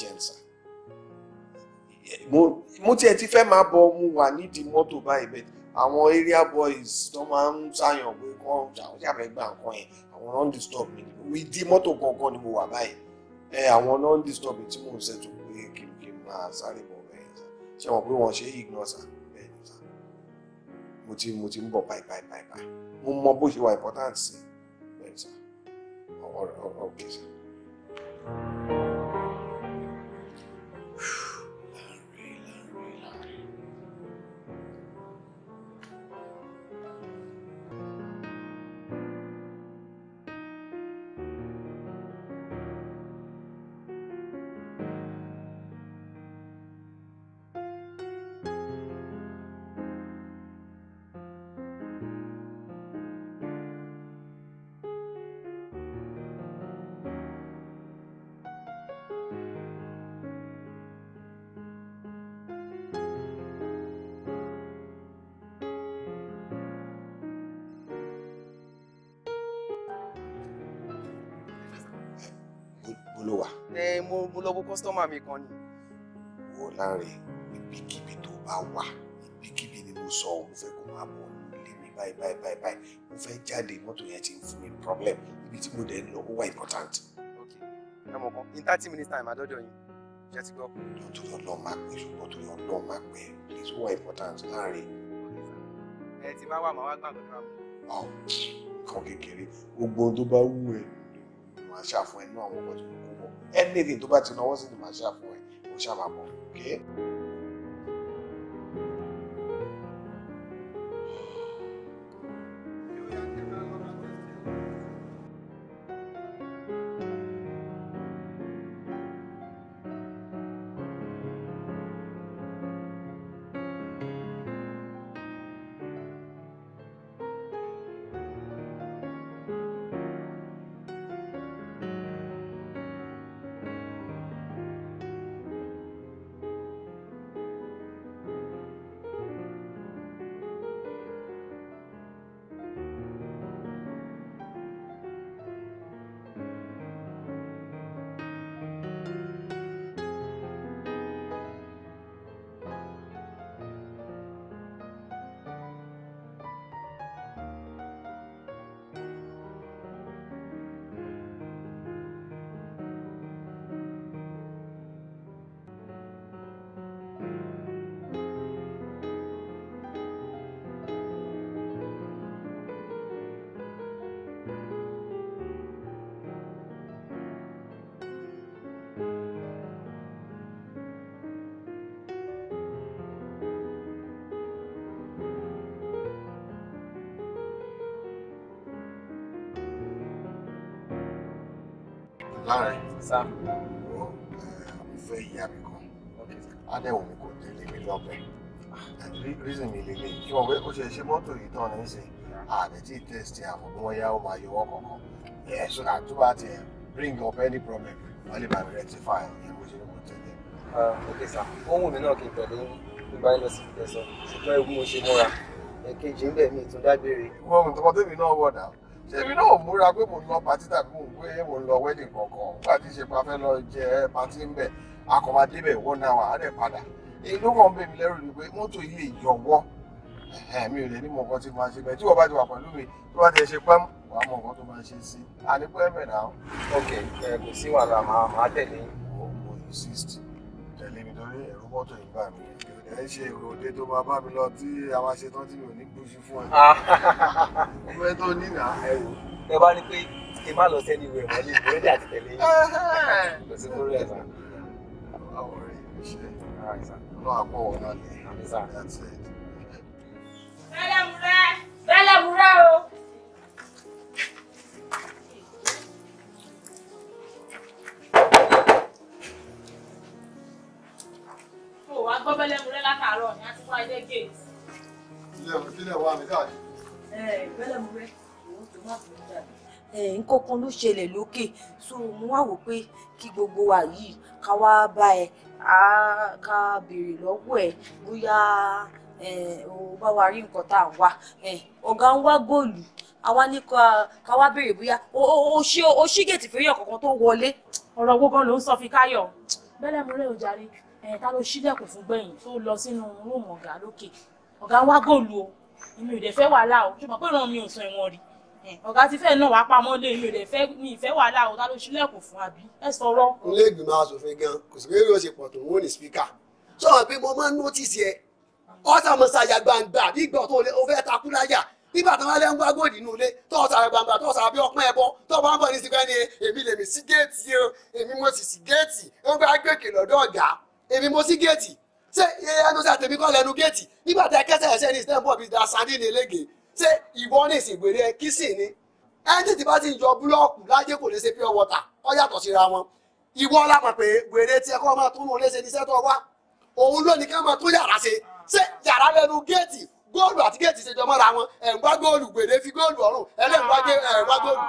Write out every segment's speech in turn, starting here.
Jensen mo tiẹ̀ ti fẹ́ máa bọ mo wà nídìí mọ́tò báyìí bẹ́ẹ̀ àwọn area boys tó máa ń ṣàyàn pé wọ́n ṣàfẹ́ gba nǹkan yẹn àwọn non disturb mi ìdí mọ́tò gangan ni mo wà báyìí ẹ àwọn non disturb mi tí mò ń ṣètò pé kìrìkìrì máa sáré bọ̀ bẹ́ẹ̀ ṣe wọ́n pé wọ́n ṣe ignore sá bẹ́ẹ̀ ni sá mo ti mo ti ń bọ̀ báyìí báyìí báyìí báyìí mo mọ bó ṣe wà important sí bẹ́ẹ̀ sá ọ̀rọ̀ ọ̀rọ̀ òkè sá. Whew. available customer mi kan ni. Wo láre ibikíbi tó bá wà ibikíbi ni mo sọ mo fẹ́ kó máa bọ̀ nílé mi báyìí báyìí báyìí báyìí mo fẹ́ jáde mọ́tò yẹn ti ń fún mi problem ibi tí mo dẹ̀ ń lọ ó wà important. Ok ẹ mọ̀ kan in thirty minutes time àdọ́jọ́ yín jẹ́ ti gbọ́. Lọ́tọ̀ lọ́ọ́ máa pẹ́ ṣùgbọ́n tó yàn lọ́ọ́ máa pẹ́ please ó wà important láre ẹ ti máa wà máa wá gbàgbọ́ náà. ọ nǹkan kékeré gbogbo ohun tó bá wù ẹ wọn á ṣàfún ẹ ní àwọn ọkọ tó kù anything tó bá ti náwó sí ni màá ṣàfù ẹ mo ṣàbàbọ̀ okay. láàrin wo ìfẹ́ ìyá mi kan adẹ́wò mi kò délé mi lọ́bẹ̀ ah, reason mi lè lè kí wọ́n pé ó ṣe ṣe mọ́tò yìí tán ní ṣe àdẹ̀tí test àmọ́ bí wọ́n yá ó máa yọwọ́ kankan yẹ so that bá ti bring up any problem wọ́n lè bá mi rectify ìyẹn bó ṣe ní mo tẹ̀lé. Ah, ok sir ohun mi náà kì í tẹ̀lé nígbà yín lọ sí ìfẹsọ ṣùgbọ́n ewu mo ṣe mọ́ra ẹ̀kejì ń bẹ̀ mí ìtúndágbére. wọ́n mú tọmọdébì náà wọ̀ dáa ṣébi náà múra pé mò ń lọ pàtí tàbí mò ń pé mò ń lọ wedding kankan nígbà tí ṣe pa fẹ́ lọ jẹ pàtí ń bẹ̀ akọ̀mọdébẹ̀ one hour á dẹ̀ padà èyí ló kàn ń bẹ̀ mí lẹ́rù ni pé mọ́tò yìí lè yọwọ́ mi ò lè ní mọ̀ nǹkan tí màá ṣe bẹ́ẹ̀ tí wọ́n bá ti wà pẹ̀lú mi tí wọ́n ti ṣe pẹ́mú wàá mọ̀ nǹkan tó máa ṣe sí i a ní pẹ́mẹ̀ náà. ok kò sí wàhálà máa tẹ̀lé. mo mo insist tẹ̀lé mi torí ẹ̀rọ mọ́tò yìí bá mi ẹ ṣe ìròde tó máa bá mi lọ tí a máa ṣe tán tí mi ò ní gbójú fún ẹ. Ah. mo fẹ́ tó nínà ẹ wò. ẹ bá ní pé kí n má lọ sẹ́ni ìwé ẹ̀wọ̀n ní ìwé ìdí àtìtẹ̀lé yìí kò sí lórí ẹ̀ sàn. àwọn ọ̀rẹ́ mi ṣe lọ àpọ̀ wọn ni that's it. bẹ́lẹ̀ múra bẹ́lẹ̀ múra o. gbọ́bẹ́lẹ́mu rẹ látàárọ̀ ni a ti wá ilé géètì. ilé ọ̀rọ̀ kílẹ̀ wà mí káàkiri. ẹ ìgbẹ́lẹ̀mu rẹ òun tó má fi ń jáde nǹkankan ló ṣẹlẹ̀ lókè so mo wá wò pé kí gbogbo wa yìí ká wá bá ẹ ká béèrè lọ́wọ́ ẹ bóyá o bá wa rí nǹkan tá à ń wá ọ̀gá ń wá góòlù àwa ní ká wá béèrè bóyá o ṣí gèètì fẹ́yàn kankan tó wọlé ọ̀rọ̀ owó gan ń sọ fi káyọ̀ bẹ́lẹ̀ mú rẹ̀ ò jàre ẹ̀ ta ló ṣílẹ̀kùn fún gbẹ̀yìn tó lọ sínú rúùmù ọ̀gá lókè ọ̀gá wá góòlù o èmi ò dẹ̀ fẹ́ wàhálà o ṣùgbọ́n pé ràn mí ò sọ ìwọ̀n rí ọ̀gá ti fẹ́ náà wàá pamọ́ lé èmi ò dẹ̀ fẹ́ mi ìfẹ́ wàhálà o ta ló ṣílẹ̀kùn fún àbí ẹ sọ̀rọ̀. ilé ìgbìmọ̀ asòfin gan kò sí pé yóò ṣe pọ̀ tó wọ́n ní spíkà sọ̀rọ̀ pé mo máa ń nọ́tìsì ẹ ọ̀sà mo ṣàyà gbangba bí ìgbà tó o fẹ́ takú láyà nígbà tó wá lẹ́ ń wá góòdì inú ilé tó ọ̀sà rẹ̀ gbangba tó ọ̀sà bí ọpọ́n ẹ̀bọ tó ọ̀bọ̀n bọ̀ ní sípẹ́ ni èmi lèmi sí géètì èmi mo sì sí géètì ó gbá gbèkè lọ́dọ̀ ọ̀gá èmi mo sí géètì ṣé ẹnu sí àtẹ̀mí kọ́ lẹ́nu géètì nígbà tí akẹ́sẹ̀ ẹ̀ṣẹ́ ní ìsìnbọ̀ bíi dasani ní elége ṣé ìwọ ní ìsìngbèrè ẹ kí sì ni ẹni tètè bá ti ń yọ búlọ́ọ̀kù lájẹ́ kò lè ṣe pure water ọ yàtọ̀ síra wọn ìwọ lápá pé wèrè tí ẹ kọ́ máa tún lò léṣe ní sẹ́tọ̀ wá òun lónìí ká máa tún yàrá ṣe ṣé yàrá lẹ́nu géètì góòlù àti géètì ṣèjọ mọ́ra wọn ẹ̀ ń wá góòlù gbèrè fi góòlù ọ̀rùn ẹlẹ́gbàjẹ́ ẹ̀ ń wá góòlù.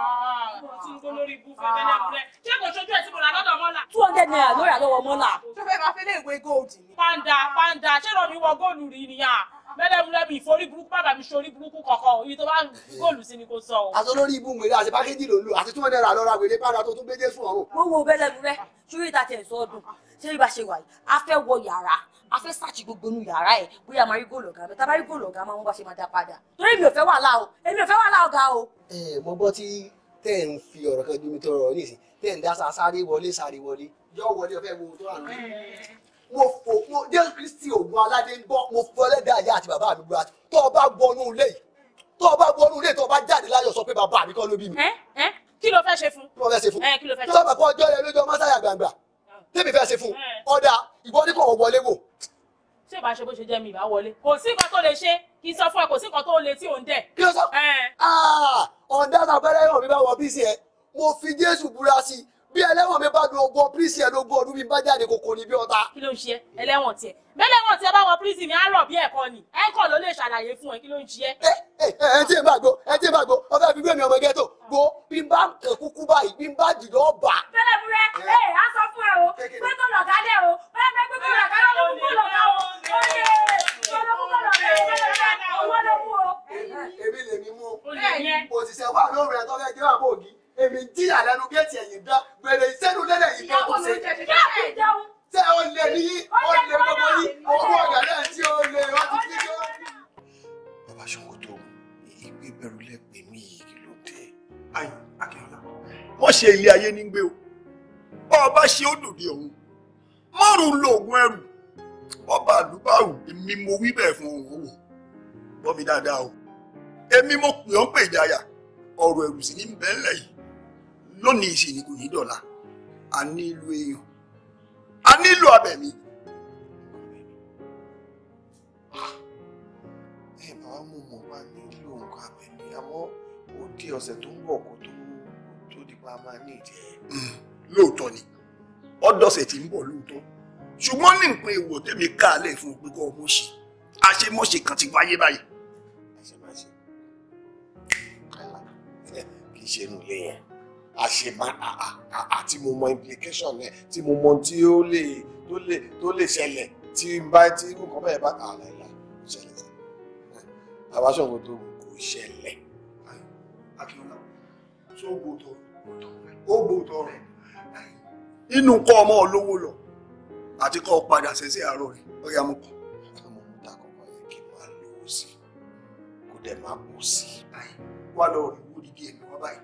two hundred naira ló rà lọ́wọ́ mọ́là. tó fẹ́ máa fẹ́lẹ́ ìwé góòlù ni. panda panda ṣé lọ́ọ́ mi wọ góòlù rí ni à mẹ́lẹ́múlẹ́mí ìforí burúkú bàbá mi ṣorí burúkú kọ̀ọ̀kan ibi tó bá góòlù sí ni kò sọ. àti olórí ibú wèrè àti pákéjì ló ń lò àti two hundred naira lọ́ra wèrè pàdà tó tún gbé dé fún ọ̀run. wọ́n wo bẹ́lẹ̀ mi rẹ́ sórí ìta tẹ̀ sọ́ọ́dún ṣé bí bá ṣe wà yìí a fẹ́ wọ yàrá a fẹ́ sàchì gbogbo inú yàrá ẹ̀ bóyá a máa rí góòlù ọ̀gá bẹ́ẹ̀ tá a bá rí góòlù ọ̀gá máa ń wá ṣe máa dá padà torí èmi ò fẹ́ wàhálà o èmi ò fẹ́ wàhálà ọ̀gá o. ẹ mo gbọ́ tí tẹ́ ń fi ọ̀rọ̀ kan jumi tọrọ nísìn tẹ́ ń dá sáré wọlé sáré wọlé yọ wọlé ọ̀fẹ́ wo tó wà mo fò mo jésù kristi ògùn aládé ń gbọ́ mo fọ ẹlẹ́dàá ìyá àti bàbá mi gbúra tó o bá wọnú ilé yìí tó o bá wọnú ilé tó o bá jáde láyọ̀ sọ pé bàbá mi kọ́ ló bí mi. kí ló fẹ́ ṣe fún. kí ló fẹ́ ṣe fún. kí ló fẹ́ ṣe fún. o bá kọ́ ọjọ́ yẹn ṣé ìbá ṣe bó ṣe jẹ́ mi ìbá wọlé kò sí nǹkan tó lè ṣe kì í sọ fún ẹ kò sí nǹkan tó lè tí ò ń dẹ̀. kí ló sọ ah, ọ̀dà àtàpẹ́rẹ́ yóò mi bá wọ bí sí ẹ mo fi Jésù búra sí bí ẹlẹ́wọ̀n mi bá du ogún pírísì ẹ̀ẹ́dógún ọdún mi bá jáde kòkò ní bí ọ̀tá. kí ló ń ṣe ẹlẹ́wọ̀n tiẹ̀ bẹ́lẹ́wọ̀n tiẹ̀ bá wọ pírísì mi á rọ̀ bí ẹ̀kọ́ ni ẹ̀kọ́ ló lè ṣàlàyé fún ẹ kí ló ń ṣe. ẹ ẹ ẹ tí ì bá gbó ẹ tí ì bá gbó ọbẹ̀ fi gbé ọmọ gẹ́tò gbó bí n bá ń kúkú báyìí bí n bá dìdọ́ bà. bẹ́lẹ̀búrẹ́ ẹ á fún ẹ o pé kó o bẹ́ẹ̀ bẹ́ẹ̀ pé o oye olókùn kó lọ̀gá ẹ̀ ẹ̀ owó ló kú o. èmi lèmi mú o mo èmi jíyà lẹ́nu géètì ẹ̀yìn dán gbèrè ìṣẹ́nu lẹ́lẹ̀ yìí bẹ́ẹ̀ kó ṣe. ṣé o lè ní o lè gbogbo yìí owó ọ̀gá náà tí o lè wá ti fi dé. bàbá sanwó tó ìgbé bẹ̀rù lẹ́pẹ̀ mí yìí ló dé. ayọ̀ akínọlá wọ́n ṣe ilé ayé ní gbé o ọba ṣe ó ọ̀hún márùn lóògùn ẹrù ọba àdúbàrù èmi mo wí bẹ́ẹ̀ fún òun òwò gbọ́ mi dáadáa o èmi mo pè ọ́ pè ìdáyà ọ̀rọ̀ ẹ̀rù sì ní bẹ́ẹ̀ lẹ́yìn lónìí sì ni kò ní dọ̀la a nílò èèyàn a nílò abẹ̀mí. ẹ bàbá mo mọ̀ wá nílò nǹkan abẹ̀mí àmọ́ ó dé ọ̀sẹ̀ tó ń bọ̀ tó tó di pa máa ní hmm, lóòótọ́ ni ọ̀dọ̀sẹ̀ ń bọ̀ lóòótọ́ ṣùgbọ́n ní nǹkan èèwọ̀ tẹ̀mí káàlẹ̀ fún pé kọ́ ọmọ kan ti wáyé báyìí. àṣemá àti mo mọ implication ẹ tí mo mọ tí ó lè tó lè tó lè ṣẹlẹ̀ tí n bá tí nǹkan bẹ́ẹ̀ bá tà láìla kò ṣẹlẹ̀ sí àbáṣọ̀gbọ̀ tó kò ṣẹlẹ̀. akínọ́lá tó gbòòtọ̀ ó gbòòtọ̀ rẹ̀ inú kọ́ ọmọ olówó lọ àti kọ́ padà ṣẹ̀ṣẹ̀ àárọ̀ rẹ̀ ọ̀yà mú kọ́. àmọ́ mo ta kọ́kọ́ yẹ kí n máa lówó sí i kó dẹ̀ máa kó sí i. wà lọ rẹ̀ wúdi díẹ̀ ní wọ́n báyìí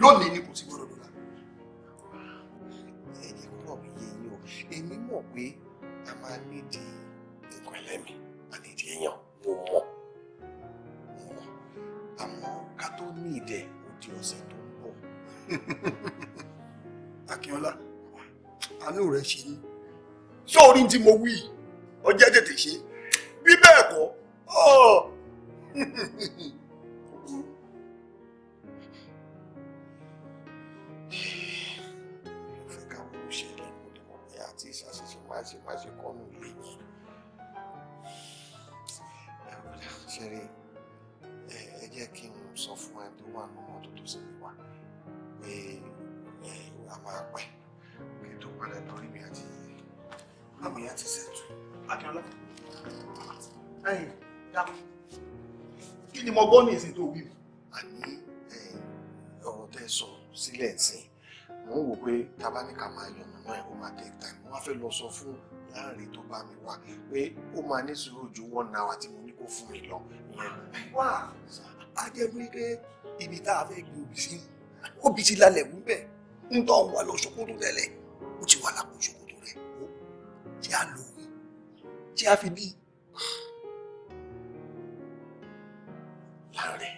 lónìí ni kò sí gbọ́dọ̀ dọ́là. ẹ jẹ́ kó náà yé yín o èmi mọ̀ pé a máa nídi nǹkan ẹlẹ́mì a nídi èèyàn mo mọ̀ mo mọ̀ àmọ́ ká tó ní ìdẹ ó di ọ̀sẹ̀ tó ń bọ̀. Akínọlá àánú rẹ ṣe ní ṣé orí tí mo wí ọjọ́ tètè ṣe bí bẹ́ẹ̀ kọ́ ọ̀. mi ò fẹ́ káwọn òṣèlú kò lè mọ̀ pé àti ìṣàṣeṣe má ṣe má ṣe kọ́ nù lé yìí ẹ̀rọ ṣeré ẹ jẹ́ kí n sọ fún ẹ tó wà nù mọ́tò tó sì wà pé a máa pẹ́ pé tó padà lórí mi àti àmì àti ṣètò Akínọlá ẹ̀yìn dákun kí ni mo gbọ́ ní ìsìn tó wí mi. àní ọ̀rọ̀ tẹ́ sọ sílẹ̀ sí mò ń wò pé ta bá ní ká máa yànnà náà ó máa take time mo wá fẹ́ lọ sọ fún láàrin tó bá mi wá pé ó máa ní sùúrù ju one hour tí mo ní kó fún mi lọ ìyẹn ló ń wá a jẹ́ wípé ibi tá a fẹ́ gbé obì sí obì ti lálẹ́ wúbẹ̀ ń tọ́ wa lọ ṣòkòtò tẹ́lẹ̀ ó ti wà lápò ṣòkòtò rẹ̀ ó tí a lò ó tí a fi bí láàrin.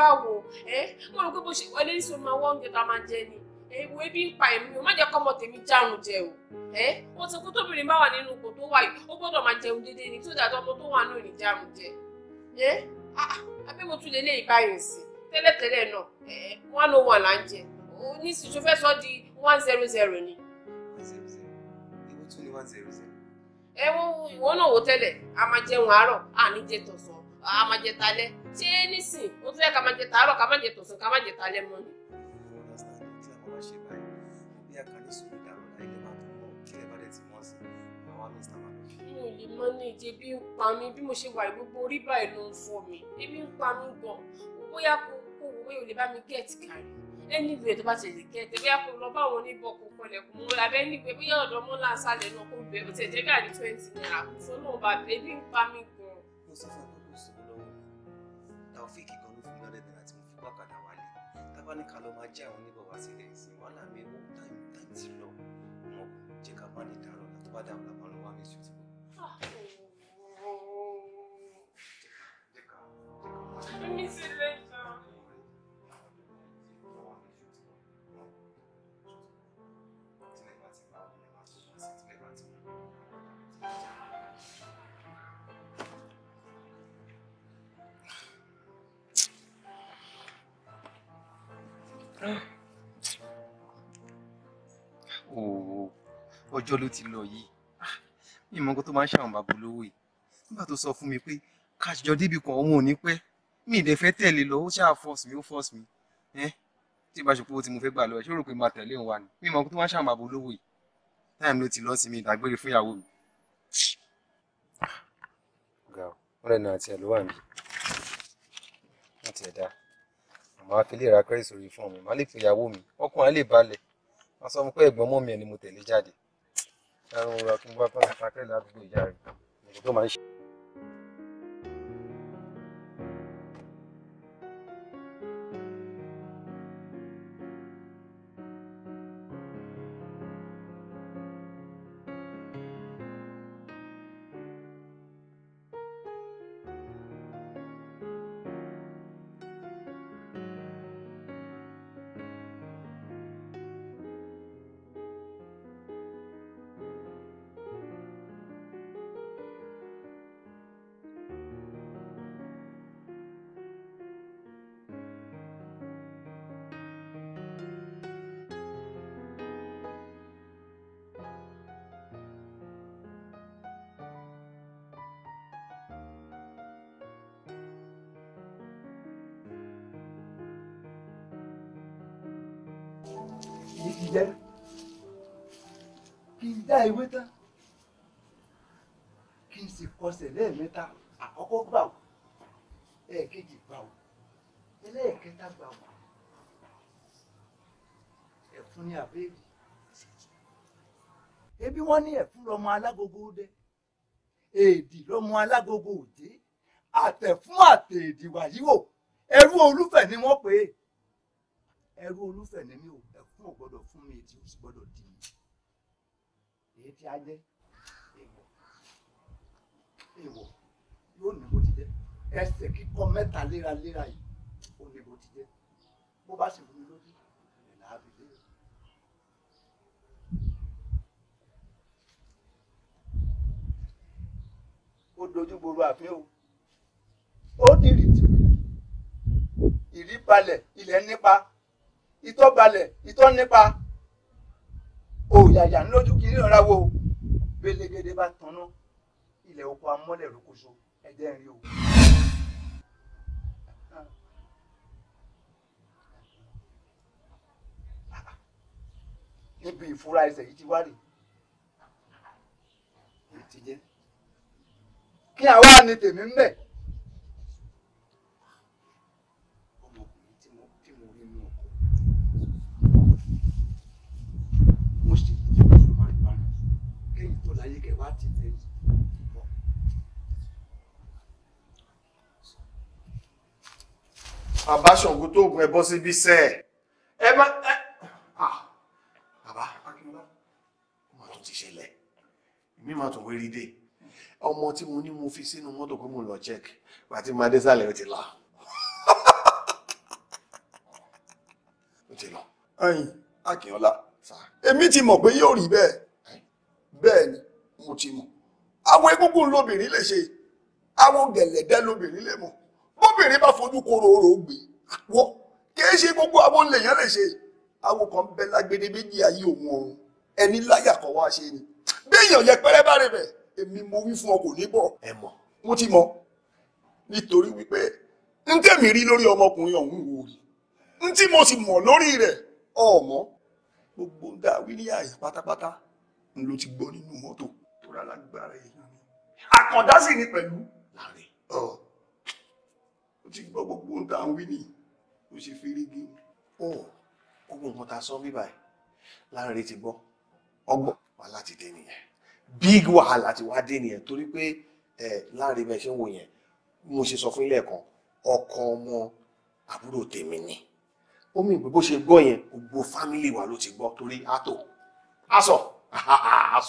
báwo ẹ wọn rò pé bó ṣe wọlé ní sọmọ àwọn oúnjẹ tá máa jẹ ni ewu ebi ń pa èmi o má jẹ́ kọ́mọ tèmi jẹ o ẹ wọn sọ pé tóbìnrin bá wà nínú ipò tó wà yìí ó máa jẹun déédéé ni tó dàtọ ọmọ tó wà náà ní jẹ ẹ ah, ah, oh là ń jẹ fẹ́ di one ni. náà wò tẹ́lẹ̀ a máa jẹun a máa jẹ talẹ́ ṣé nísìn ó tún yẹ ká máa jẹ tàárọ̀ ká máa jẹ tọ̀sán ká máa jẹ talẹ́ mọ́ ni. mi lè mọ ní ìjẹ bí ń pa mí bí mo ṣe wà gbogbo orí báyìí ló ń fọ mi ebi ń pa mí gan bóyá kó kó wo bóyá lè bá mi gẹ̀ẹ́tì kárí ẹnìwé tó bá ti lè kẹ́ ẹ tẹ̀wé àpò lọ bá àwọn oníbọ̀ kò kọlẹ̀ kò mú abẹ́ nígbẹ́ bóyá ọ̀dọ́ mọ́ láǹsálẹ̀ náà kò bẹ̀rù tẹ̀jẹ́ gàdí twenty naira kò sọ́nà ọba bẹ́ẹ̀ bí ń pa mí gan. Taofik kan ló fún mi lọ́dẹ̀ náírà tí mo fi gbàkàdà wálé tábánikà ló máa jẹ́ àwọn oníbọ̀ wá sílẹ̀ ìsìn wàhálà mi ó táìm táìm ti lọ mo jẹ́ ká má ní dàrọ̀ tó bá dàrọ̀ làbá lọ wá mi ṣe tó. jẹ́ ká ọjọ́ ló ti lọ yìí ah, mi mọ nǹkan tó máa ń ṣàwọn bàbá olówó yìí nígbà tó sọ fún mi pé káṣíjọ débi kan òun ò ní pẹ́ mi ì dẹ̀ fẹ́ tẹ̀lé lọ ó ṣáà force mi ó force mi ẹ́ tí ìbáṣe pé owó tí mo fẹ́ gbà lọ ẹ̀ ṣó rò pé máa tẹ̀lé òun wa ni mi mọ nǹkan tó máa ń ṣàwọn bàbá olówó yìí táyà ló ti lọ sí mi ìdágbére fún ìyàwó mi. ọ̀gá wọn lẹ́nu àti ẹ̀ ló wà mí wọ́n ti ẹ̀ dá àmọ́ afẹ́lẹ́ ra kẹ́rì sórí fún mi má lè fi ìyàwó mi ọkùnrin lè balẹ̀ wọ́n sọ fún ẹran òun ọ̀tún bá bá ń ta kẹ́lẹ́ àdúgbò ìyá rẹ̀ nǹkan kì í jẹ́ kì í já ewé tán kì í sì kọsẹ̀ lẹ́ẹ̀mẹ́ta àkọ́kọ́ gbà wò ẹ̀ẹ̀kejì gbà wò ẹlẹ́ẹ̀kẹta gbà wò ẹ̀fún ní àbẹ́ẹ̀rì ebi wọ́n ní ẹ̀fún lọ́mọ alágogo dẹ èdì lọ́mọ alágogo òjé àtẹ̀fún àtẹ̀èdì wàyíwò ẹrú olúfẹ̀ ni wọ́n pè é ẹrú olúfẹ̀ ni mí o ẹkún ò gbọ́dọ̀ fún mi tí o sì gbọ́dọ̀ dì mí èyí tí a jẹ́ èèwọ̀ èèwọ̀ yóò ní bó ti jẹ́ ẹsẹ̀ kíkọ mẹ́ta léraléra yìí ó ní bó ti jẹ́ bó bá sì wúni lójú ẹ̀ láàbì lé. E. ó dojú gbòòrò àfin o ó dìrìtì ìrí balẹ̀ ilẹ̀ nípa ìtọ́ balẹ̀ ìtọ́ nípa òyàyà ńlójú kiri ọ̀rá wo gbẹlẹgẹdẹ bá tanná ilẹ̀ oko amọ́lẹ̀ rokoṣo ẹ̀dẹ́ rí o. níbi ìfura ẹsẹ̀ yìí ti wá rè é ti jẹ́ kí àwa ni tèmi ń bẹ̀. participate. Bàbá Ṣàngó tó ògùn ẹbọ síbi sẹ́ ẹ bá ẹ bàbá Akínọlá ó máa tún ti ṣẹlẹ̀ èmi máa tún wérí dé ọmọ tí mo ní mo fi sínú mọ́tò pé mo lọ check àti máa dé sálẹ̀ ó ti là ó ti lọ. ẹ̀yin Akínọlá èmi ti mọ̀ pé yóò rí bẹ́ẹ̀ bẹ́ẹ̀ ni mo ti mọ̀ àwọn egúngún lóbìnrin lè ṣe àwọn gẹ̀lẹ̀dẹ́ lóbìnrin lè mọ̀ bóbìnrin bá fojú kóró oró gbé àwọ̀ kìí ṣe gbogbo àwọn lèèyàn lè ṣe àwọn kan bẹ lágbede méjì ayé òun ọ̀run ẹni láyà kan wá ṣe ni béèyàn yẹ pẹrẹ bá rẹ bẹ èmi mo wí fún ọ kò ní bọ ẹ mọ̀ mo ti mọ̀ nítorí wípé n tẹ̀mí rí lórí ọmọkùnrin ọ̀hún wò rí n tí mo sì mọ̀ lórí rẹ̀ ọ̀mọ́ gbogbo ń ní àyè pátápátá n ló ti gbọ́ nínú mọ́tò ìfura lágbára èèyàn ni àkàndá sì ni pẹ̀lú láàrin ọ ó ti gbọ́ gbogbo ohun tá à ń wí nìyí ó ṣe fírígì ó gbogbo nǹkan tá a sọ bí báyìí láàrin ti gbọ́ ọgbọ́n wàhálà ti dé nìyẹn big wàhálà ti wá dé nìyẹn torí pé láàrin bẹ́ẹ̀ ṣe ń wò yẹn mo ṣe sọ fún ilé ẹ̀kan ọkọ ọmọ àbúrò tèmi ni ó mì pé bó ṣe gbọ́ yẹn gbogbo fámìlì wa ló ti gbọ́ torí àtò àsọ̀.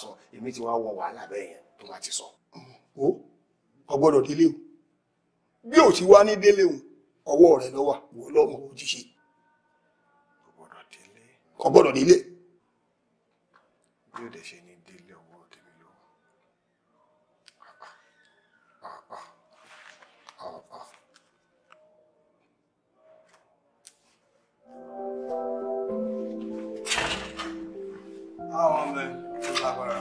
sọ èmi ti wá wọ wàhálà bẹ́ẹ̀ yẹn tó bá ti sọ. o ọgbọ́dọ̀ délé o bí o ti wá ní o ọwọ́ rẹ lọ wà wọ́n lọ́mọ o ọgbọ́dọ̀ o dẹ̀ ṣe àwọn ọmọ ẹ ló lágbára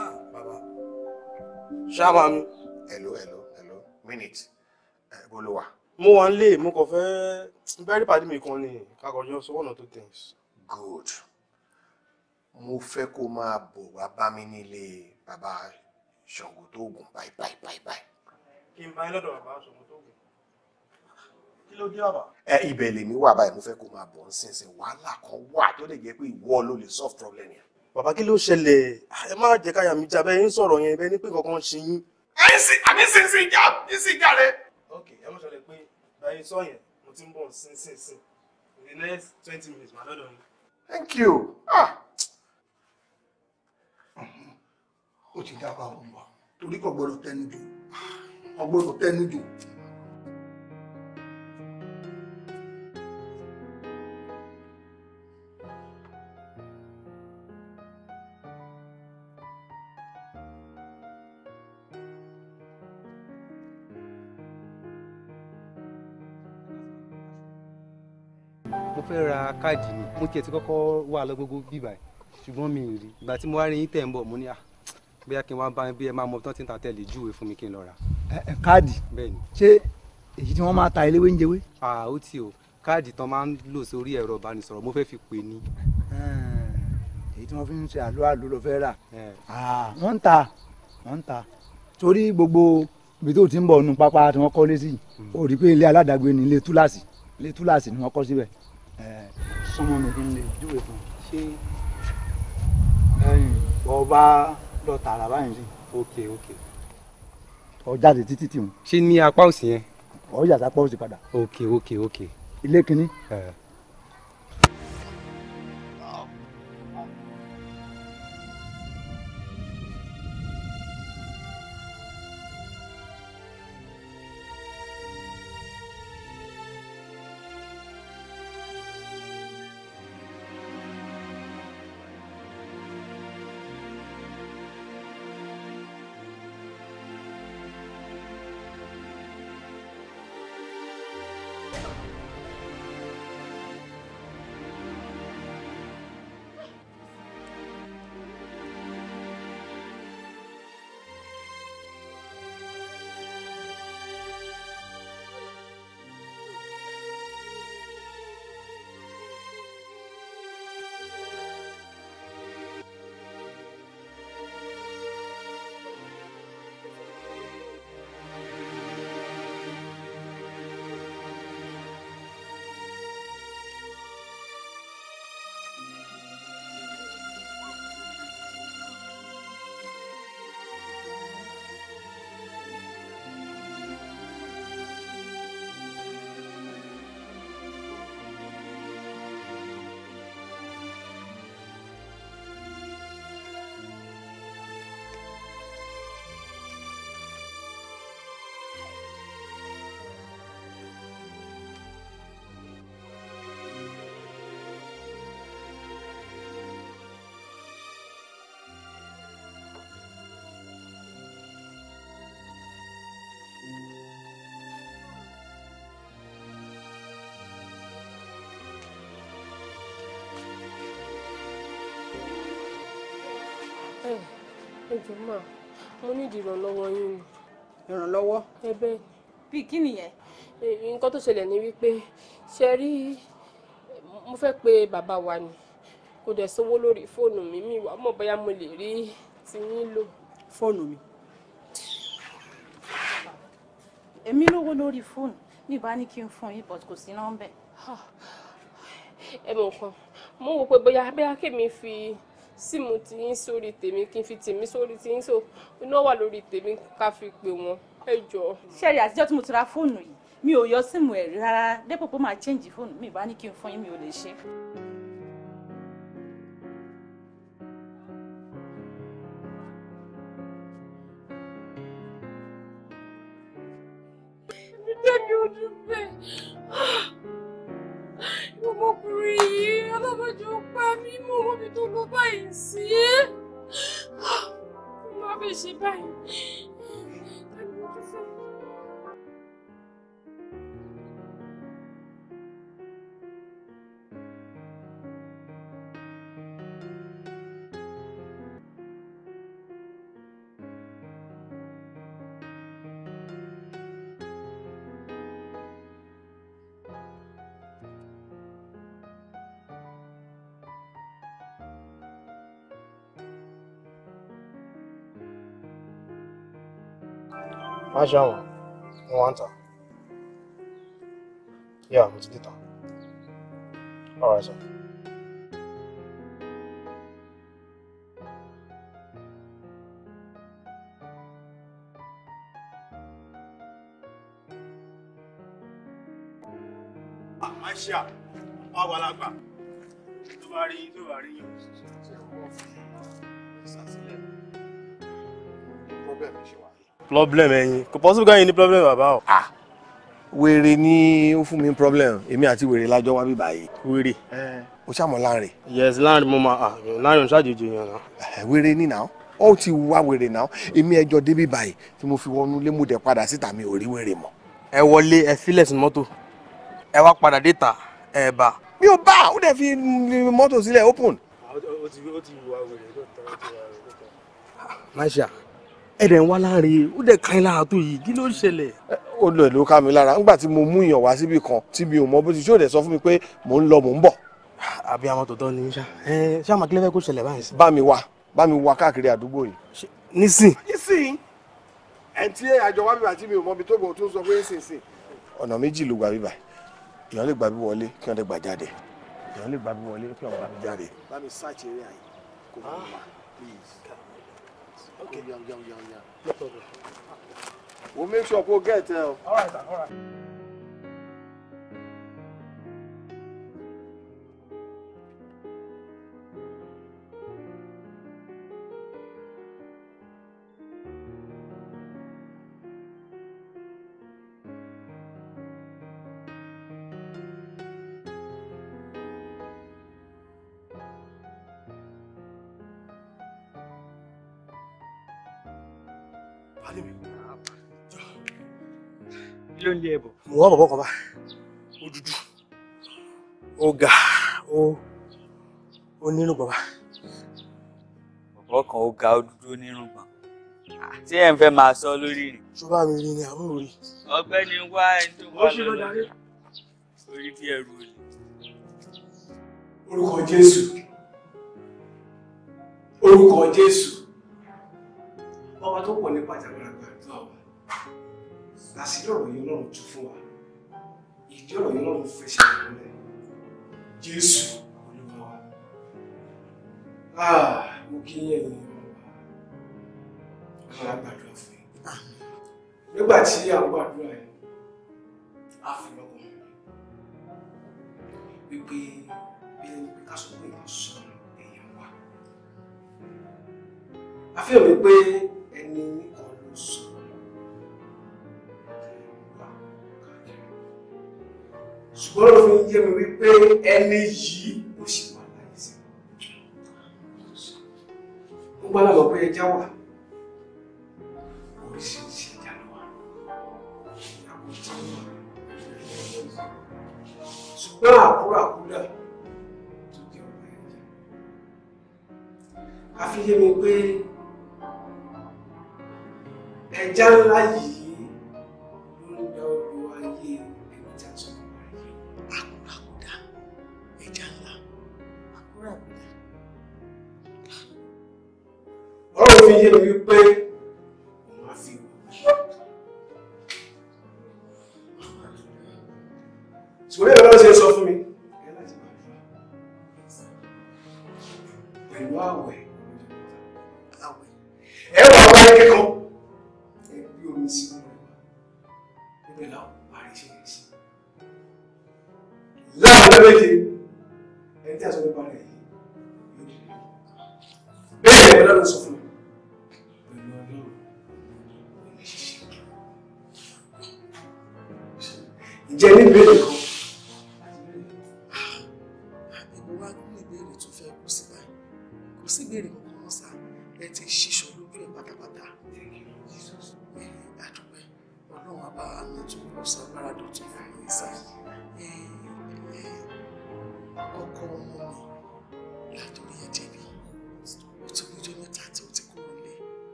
ah, bàbá ṣáàmà mi. hello hello hello minute eh, mo wà ń lé mo kàn fẹ́ bẹ́ẹ̀rì pàdé mi kan ni kakọjọ sọ one or two things. good mo fẹ́ kó máa bọ̀ wá bá mi nílé bàbá ṣògo tó gùn báyìí báyìí báyìí báyìí. kí bá yín lọ́dọ̀ bàbá ṣògo tó gùn kí ló dé bàbá. ẹ eh, ibẹ̀ lèmi wà báyìí mo fẹ́ kó máa bọ̀ ń sínsìn wàhálà kan wà tó lè jẹ́ pé ìwọ ló lè solve problem yẹn bàbá kí ló ṣẹlẹ̀ ẹ má jẹ́ káyà mi jà bẹ́ẹ̀ ń sọ̀rọ̀ yẹn bẹ́ẹ̀ ní pé kankan ṣe yín. àmì sínsìn jà ní sí ìjà rẹ. ok ẹ má ṣẹlẹ̀ pé báyìí sọ yẹn mo ti ń bọ̀ sínsìnsìn in the next twenty minutes màá lọ́dọ̀ yín. thank you. Ah! ó ti dábàá òun wa torí kò gbọ́dọ̀ tẹnu jù kò gbọ́dọ̀ tẹnu jù. káàdì mi mo tiẹ̀ ti kọ́kọ́ wà lọ gbogbo bíbá yìí ṣùgbọ́n mi ì rí ìgbà tí mo wá rí yín tẹ̀ ń bọ̀ mo ní à ah, bóyá kí n wá bá bí ẹ máa mọ tán tí ń ta tẹ̀lé júwe fún mi kí n lọ rà. ẹ káàdì ṣé èyí tí wọ́n máa ta eléwé ń jẹwé. àá ti o káàdì tán máa ń lò sórí ẹ̀rọ ìbánisọ̀rọ̀ mo fẹ́ fi pè ní èyí tí wọ́n fi ń ṣe àlọ́ àlọ́ ló fẹ́ rà wọ́n ń ta wọ́n ń ta torí gbogbo ibi tó ti ń bọ̀ nu pápá tí wọ́n kọ́ lé sí hmm. ó rí i pé ilé aládàgbé ni ilé túláàsì ilé túláàsì ni wọ́n kọ́ síbẹ̀ súnmọ́ mi kí n lè júwe fún ṣé ọba lọ tààrà báyìí sí òkè òkè. ọ̀jáde títí tì wọ́n. ṣé ní apá òsì yẹn. ọ̀yà sápá òsì padà. òkè òkè òkè. ilé kìíní. Eh. ẹ jọ̀ọ́ mà mo ní ìdìrànlọ́wọ́ yín o ìrànlọ́wọ́. ẹ bẹ́ẹ̀. bíi kí nìyẹn. nǹkan tó ṣẹlẹ̀ ni wípé ṣe rí mo fẹ́ pe bàbá wa ni kò dẹ̀ sówó lórí fóònù mi mi wà mọ̀ bóyá mo lè rí tiyín lò. fóònù mi. èmi lówó lórí fóònù mi bá ní kí n fún yín but kò sí nọ́mbẹ̀. ẹ mọ̀ nǹkan mo wò pé bóyá bóyá kémi fi sì mú tiyín sórí tèmi kí n fi tèmi sórí tiyín so iná wà lórí tèmi ká fi pè wọ́n ẹ jọ. ṣẹ́ẹ̀rì àtijọ́ tí mo ti ra fóònù yìí mi ò yọ síìmù ẹ̀ rárá dépò pé màá chẹ́ǹjì fóònù mi ìbá ní kí n fún yín mi ò lè ṣe. Ai, sim! má right sir. problem ẹyin kò possible ká yín ní problem bàbá o. ah wèrè ni ó fún mi problem èmi àti wèrè lájọ wá bí báyìí. wèrè. Eh. o ṣàmọ láàrin. yes láàrin mo máa ah, láàrin ṣàjèjì yẹn náà. Eh, wèrè ni náà ó ti wá wèrè náà èmi ẹjọ débi báyìí tí mo fi wọnú lé mo dẹ padà síta mi ò rí wèrè mọ́. ẹ wọlé ẹ filẹ̀ sí mọ́tò ẹ wá padà déta ẹ bá. mi ò bá ó dẹ̀ fi eh, mọ́tò sílẹ̀ open. o ah, ti wá wèrè lóòótọ́ ti wá wèrè lóòótọ́. Ah, máṣá ẹ̀rẹ̀ ń wá láre ó dẹ̀ kan lára tó yìí kí ló ń ṣẹlẹ̀. ó lọ èlò ká mi lára nígbà tí mo mú ìyàn wá síbi kan tí mi ò mọ bó ti ṣó dẹ̀ sọ fún mi pé mò ń lọ mò ń bọ̀. àbí àwọn tòótọ́ ni ṣá ẹ ṣá máa kílẹ̀ kó ṣẹlẹ̀ báyìí. bá mi wá bá mi wá káàkiri àdúgbò yìí. nísìn. nísìn ẹ̀ ń tí àjọ wá bíbà tí mi ò mọ ibi tó gbọ̀ tó sọ pé nísìnsìn. ọ̀nà méjì ló gbà bíbà èèyàn lè gbà bí wọlé kí wọ́n lè gbà jáde èèyàn lè gbà bí wọlé kí wọ́n gbà bí jáde. bá mi sáàchì eré àyè kò mọ̀ wá ah. please. Okay. Yeah, yeah, yeah, yeah. No problem. We'll make sure we we'll get Uh, all right, sir. All right. ló ń lé ẹbọ. mo wá bọ̀bọ̀ kan bá ó dúdú ó ga ó ó nínú bàbá. bọ̀bọ̀ kan ó ga ó dúdú ó nínú gbọ̀n tí ẹ̀ ń fẹ́ máa sọ lórí rìn. ni àwọn ò rí. ọ̀gbẹ́ni wá ẹni tó wà lọ́dọ̀ orí bí ẹrù olè. orúkọ Jésù orúkọ Jésù. àṣírí ọ̀rọ̀ yìí ọlọ́run tú fún wa ìdí ọ̀rọ̀ yìí ọlọ́run fẹsẹ̀ ìrọ̀lẹ́ jésù olúwa ah, mo kí yín ẹ̀yìn ọ̀rọ̀ wa gbàdúrà fún yín nígbà tí à ń gbàdúrà yìí a fi lọ́kàn wípé bí ẹni pé sọ pé èèyàn sọnù èèyàn wà a fi hàn mí pé ẹni ṣùgbọ́n ló fi ń yé mi wípé ẹni yìí ló ṣì wà láyé sí i. ó gbọ́dọ̀ mọ̀ pé ẹja wà oríṣiríṣi ẹja ló wà ṣùgbọ́n àkúrò tó jẹ́ ọ̀gá ẹja. àfi yé mi pé ẹja ńlá yìí. 于辉。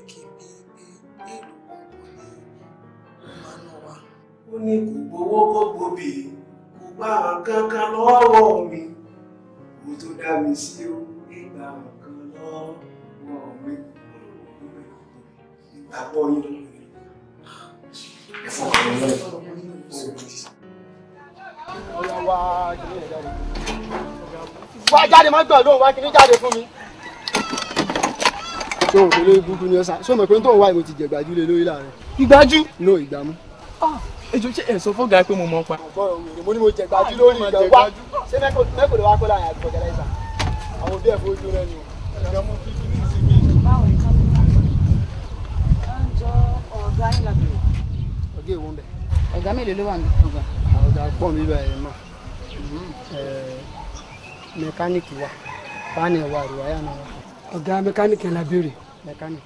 pé kí n bí pé èèlò kankan ni màá nà wá. ó ní kò gbowó kó gbòbì kò gbà wọn kankan lọ́wọ́ mi mo tó dá mi sí ó nígbà wọn kan lọ́wọ́ mi ìgbàgbọ́ yín lọ́wọ́ mi. ẹ fọkàn mi lọ́wọ́ wá jáde má gbọ́ lóhùn wá kí ní jáde fún mi ṣé òun kò lórí burúkú ni ọ̀sà ṣé o mọ̀ pé n tó ń wá ìmọ̀ ti jẹ̀ gbàjú lé lórí láàrin. ìgbàjú. no ìgbàmú. Ah, ejò ṣe ẹ sọ fọgà pé mo mọ pa. mo ní mo jẹ gbàjú lórí ìgbàwá ṣé mẹ́kò ló wá kó láàrin àgbẹ̀ ọ̀gá láìsà àwọn òbí ẹ̀ fojú rẹ ni o. ọ̀gá mélòó ló wà ní ọgbà. ọ̀gá ah, pọ̀ mi bẹ̀rẹ̀ mọ́ mẹkáníìkì wa fáànì ọ̀gá mẹkáníkì la béèrè mẹkáníkì.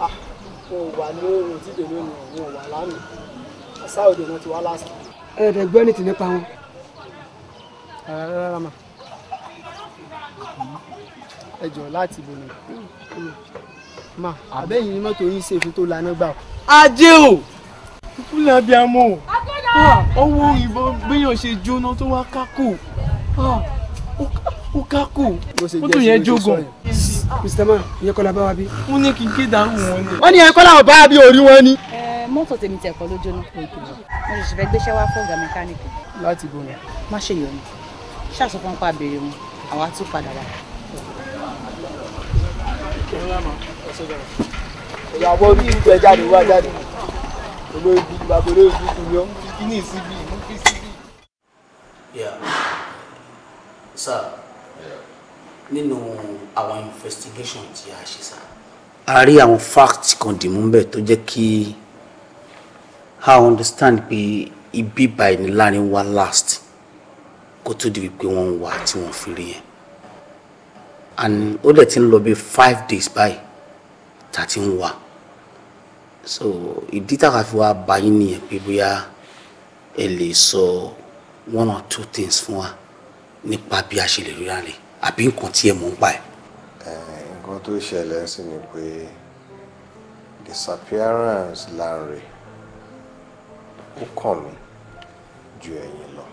wọn ò ah, wà lóòrùn títí lónìí wọn ò wà lánàá asáwòdì wọn ti wá lásìkò. ẹ ẹ dẹgbẹ́ ní ti nípa wọn. rárá mà ẹ jọ láti bò ní. mà àbẹ́yìn ni mọ́tò yín ṣèfún tó laná gbà. ajé o fúlẹ̀ abiyamọ ọwọ́ ah, ìbọn gbéyàn ṣe jóná tó wá kákò ah, O kútù yẹn jogun. mr man ìyẹn kọ́lá bá wa bí. wọ́n ní kí n kéde àrùn wọn ni. wọ́n ní ìyẹn kọ́lá ọba àbí orí wọn ni. mọ́tò tèmi tẹ̀ kọ́ lójó náà kò ìkejì mo sì fẹ́ gbéṣẹ́ wá fún ọ̀gá mẹkáníìkì. láti bọ̀ ni. má ṣe yọnu ṣàṣọpọ̀ nípa béèrè wọn àwa tún padà wá. ìyàwó bí ìjọ jáde wá jáde olóyè bí bàbá olóyè bí kùnìyàn kí ní ìsibí mú kí ìsibí nínú àwọn investigation tí a ṣe sá. a rí àwọn facts kan dìmú bẹ́ẹ̀ tó jẹ́ kí a understand pé ibi báyìí ni láàrin wa last kó tó di wípé wọ́n ń wà tí wọ́n fi rí yẹn and ó dẹ̀ ti ń lọ bí five days báyìí tá a ti ń wà so ìdí táwa fi wá bá yín nìyẹn pé bóyá ẹ lè sọ one or two things fún wa nípa bí a ṣe lè rí rárẹ̀ àbí nǹkan tí ẹ mọ̀ ń pa ẹ̀. nǹkan tó ṣẹlẹ̀ sí ni pé disappearance Lanre ó kàn mí ju ẹ̀yìn lọ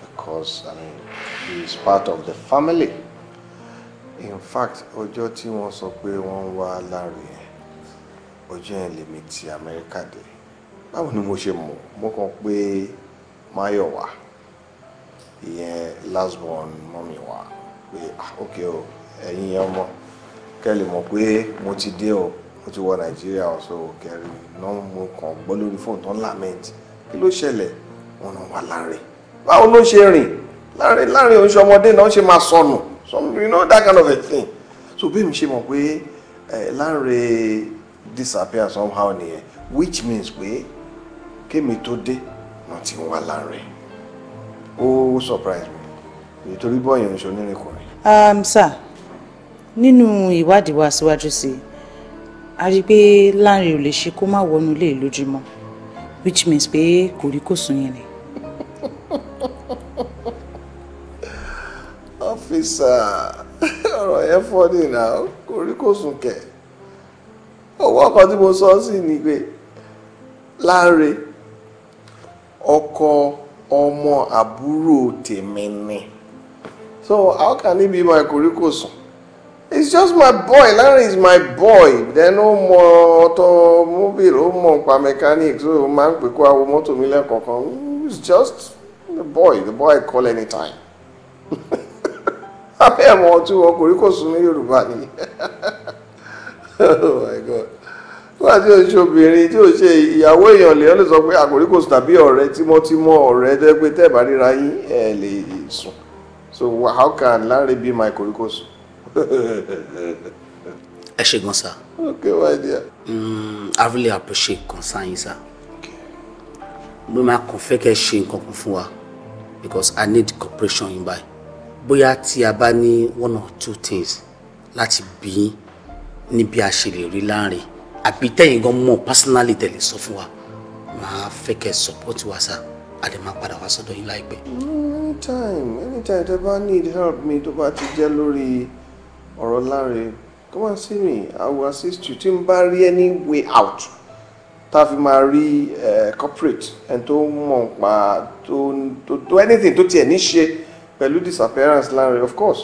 because I mean he is part of the family in fact ọjọ́ tí wọ́n sọ pé wọ́n ń wá Lanre yẹn ọjọ́ yẹn lèmi ti Amẹ́ríkà dé báwo ni mo ṣe mọ̀ mo kàn pé Máyọ̀wá ìyẹn last born mọ́mì wa pé ah ok o ẹ̀yin yẹn mọ́ kẹ́lì mọ̀ pé mo ti dé o mo ti wọ nàìjíríà ọ̀sọ̀ kẹrin náà mo kàn gbọ́ lórí fóònù tán lament kí ló ṣẹlẹ̀ wọn náà wà láre báwo ló ṣe rìn láre láre òun ọmọdé náà ṣe máa sọnù some you know that kind of a thing so bí mi ṣe mọ̀ pé láre disappear somehow nìyẹn which means pé kémi tó dé wọn ti ń wà láre. ó surprise mi nítorí bọ́ọ̀yàn ń ṣonírìnkùnrin. Um, sir nínú ìwádìí wa síwájú sí i a rí i pé láàrin ò lè ṣe kó má wọnú ilé lójúmọ́ which means pé kò rí kò sùn yẹn ni. ọ́fíìsà ọ̀rọ̀ yẹn fọ́ nìyà kò rí kò kẹ̀ tí mo sọ sí ni pé ọkọ. ọmọ àbúrò tèmi ni so how can he be my kòríkòsùn it's just my boy Larry is my boy then ó mọ ọtọ mobile ó mọ nípa mechanics ó máa ń pè kó awo mọ́tò mi lẹ́ẹ̀kọ̀ọ̀kan it's just the boy the boy I call anytime abẹ́ ẹ̀mọ́ tí wọn kòríkòsùn ní Yorùbá nìyẹn oh my God nígbà tí ṣe obìnrin tí o ṣe ìyàwó èèyàn lèèyàn lè sọ pé àkòrí tàbí ọ̀rẹ́ tímọ́tímọ́ ọ̀rẹ́ tó yẹ pé tẹ́ẹ̀bá ríra yín ẹ̀ lè sùn so how can Larry be my kòríkòsùn. ẹ ṣe gan sa. okay my dear. Mm, I really appreciate concern yín sa. mo máa kàn fẹ́ kẹ́ ṣe nǹkan kan fún wa because I need cooperation yín báyìí bóyá tí a bá ní one or two things láti bí níbi a ṣe lè rí Lanre àbí tẹ̀yin gan mọ̀ personally tẹ̀lé sọ fún wa màá fẹ́ kẹ́ support wa sá a lè máa padà wá sọ́dọ̀ yín láìpẹ́. anytime anytime tó bá need help me, tó bá ti jẹ́ lórí ọ̀rọ̀ Láre come and see me I will assist you tí n bá rí any way out tá a fi máa rí eh, corporate ẹni tó mọ̀ pa tó tó anything tó tiẹ̀ ní ṣe pẹ̀lú disappearance Láre of course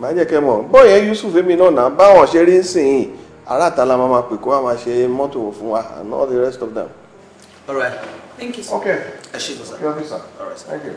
màá jẹ́ kẹ́ mọ̀ bọ́ọ̀ yẹn Yusuf èmi náà náà báwọn ṣe rí ń sìn yìí aráàta la máa pè kó wá máa ṣe mọ́tò fún wa and all the rest of them. all right. thank you sir. okay. ẹ ṣe tó sá. okay officer. all right sir. thank you.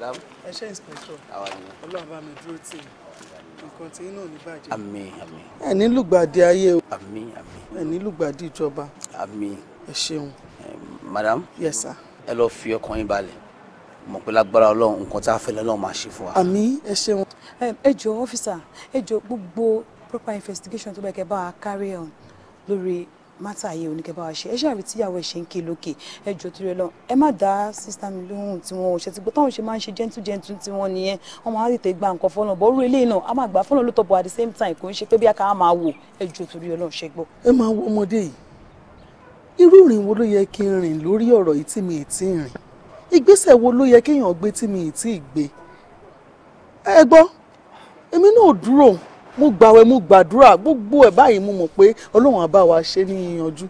madam. ẹ ṣe inspector ọlọ́run bá mi dúró tì í nǹkan tí inú ò ní bàjẹ́. àmín àmín. ẹ nílùgbàdì ayé o. àmín àmín. ẹ nílùgbàdì ìjọba. àmín. ẹ ṣeun. madam. yes sir. ẹ lọ fi ọkàn yín balẹ̀ mọ̀ pé lágbára ọlọ́run nǹkan tá a fẹ́ lọ́lọ́run máa ṣe fún wa. àmín ẹ ṣeun. ẹ jọ̀ọ́ ọ́fíìsà ẹ jọ̀ọ́ gbogbo proper investigation tó bẹ kẹ́ bá a carry on lórí mátà ayé oníkẹ́bá wa ṣe ẹ ṣàrí tíyàwó ẹ ṣe ń ké lókè ẹ jọ torí ẹ lọ ẹ má dá sísá mi lóhùn tí wọn ò ṣe ti gbọ́ táwọn ṣe máa ń ṣe gentle gentle tí wọ́n nìyẹn wọ́n máa tètè gba nǹkan fọ́nà bọ́ orí eléyìí náà a máa gbà fọ́nà ló tọ̀pọ̀ at the same time kò ń ṣe pé bí aká máa wò ẹ jọ torí ẹ lọ́n ṣe gbọ́. ẹ máa wo ọmọdé yìí irú ìrìn wo ló yẹ kí n rìn lórí ọ̀rọ̀ yìí tí mi ì mo gbàwẹ̀ mo gbàdúrà gbogbo ẹ̀ báyìí mo mọ̀ pé ọlọ́run á bá wa ṣe ní yanjú.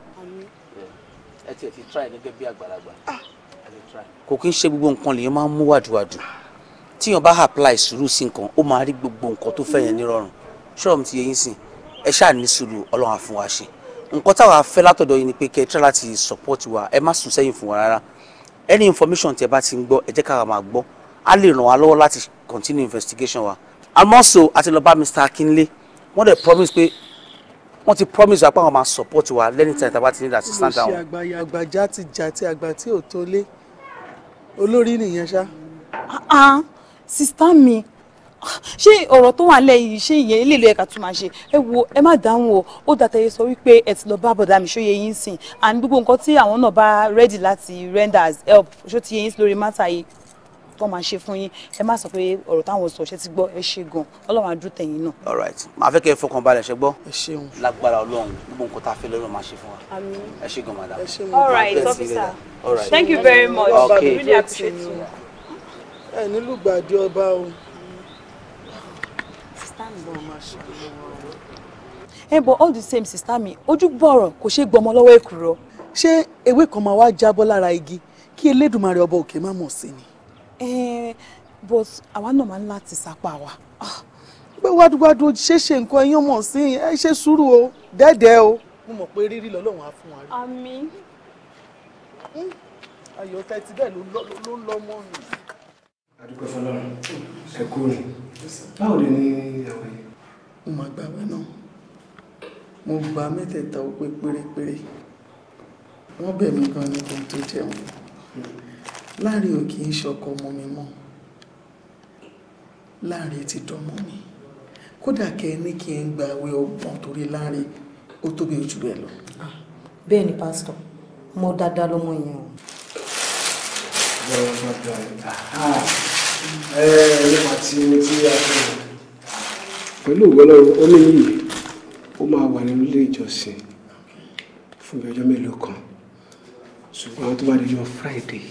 ẹ ti ẹ ti try gẹ́gẹ́ bí àgbàlagbà ah. kò kí ń ṣe gbogbo nǹkan lèyàn máa ń mú wàdùwàdù tíyàn bá apply sùúrù sí nǹkan ó máa rí gbogbo nǹkan tó fẹ́ yẹn nírọ̀rùn ṣọ́ọ̀mù ti yẹ yín sìn ẹ ṣáà ní sùúrù ọlọ́run á wa ṣe nǹkan táwa fẹ́ látọ̀dọ̀ yìí ni pé kẹ́ ẹ tẹ́ láti support wa ẹ má sùn sẹ́yìn fún wa rárá any information tí ẹ bá ti ń gbọ́ ẹ jẹ́ ká máa gbọ́ á lè ràn wá lọ́wọ́ láti continue investigation wa àmọ́ so àti lọ bá Mr. Akínlé wọ́n dẹ̀ promise pé wọ́n ti promise apá wọn máa support wa lẹ́ni tí àtàwọn ti ní láti stand down. olùṣe àgbàyà àgbàjá ti jà tí àgbà tí ò tó lé olórí nìyẹn ṣá. Ah, ah, sista mi ah, ṣé ọ̀rọ̀ tó wà lẹ́yìn ṣé ìyẹn eléèlú ẹ̀ka tó máa ṣe ẹ wo ẹ má dáhùn o ó dàtẹ́ yẹ sọ wípé ẹ ti lọ bá bọ̀dá mi ṣó yẹ yín sìn and gbogbo nǹkan tí àwọn náà bá ready láti render as help ṣó ti yẹ yín lórí mátà yìí tó máa ṣe fún yín ẹ má sọ pé ọ̀rọ̀ táwọn sọ ṣe ti gbọ́ ẹ ṣe gan ọlọ́run á tẹ̀yìn náà. all right màá fẹ́ kẹ́ ẹ fọkàn balẹ̀ ṣe gbọ́. lágbára ọlọ́run gbogbo nǹkan tá a fẹ́ lọ́rọ̀ máa ṣe fún wa. ẹ ṣe gan madam. all right officer thank you very much okay. really appreciate you. ẹ nílùú ọba o. ẹ bọ all the same sista mi ojú bọ̀rọ̀ kò ṣe gbọmọ lọ́wọ́ èkùrọ́. ṣé ewé kan máa wá jábọ́ lára igi kí elédùnmarè ọba òkè má mọ̀ sí ni. Eh, but àwa náà máa ń láti sapá wa ah, pé wádúwádú ṣeéṣe nǹkan ẹyán mọ̀ sí ẹ ṣe sùúrù o dẹ́dẹ́ o mo mọ̀ pé rírí lọ́lọ́run á fún wa rí. àmín. Hmm, ayọ̀ tẹ́tí bẹ́ẹ̀ ló ń lọ mọ́ mi. adúpẹ́ fọlọ́run ẹ kú rìn báwo lè ní ìyàwó yìí. mo máa gba àwẹ̀ náà mo gba mẹ́tẹ̀ẹ̀ta ó pé pérépéré wọ́n bẹ̀ mí gan ní kí tó jẹun. Hmm. Láre ò kì í ṣọkọ ọmọ mi mọ́ Láre ti dọmọ mi kódà kẹ ní kí n gba àwẹ̀ ọgbọ̀n torí Láre ó tóbi ojú rẹ lọ. Ah, bẹ́ẹ̀ ni pásítọ̀ mo dáadáa lọ́mọ yẹn o. pẹ̀lú ìgbọ́lọ́run ó ní yìí ó máa wà nínú ilé ìjọsìn fún bí mélòó kan ṣùgbọ́n tó bá di ọjọ́ Friday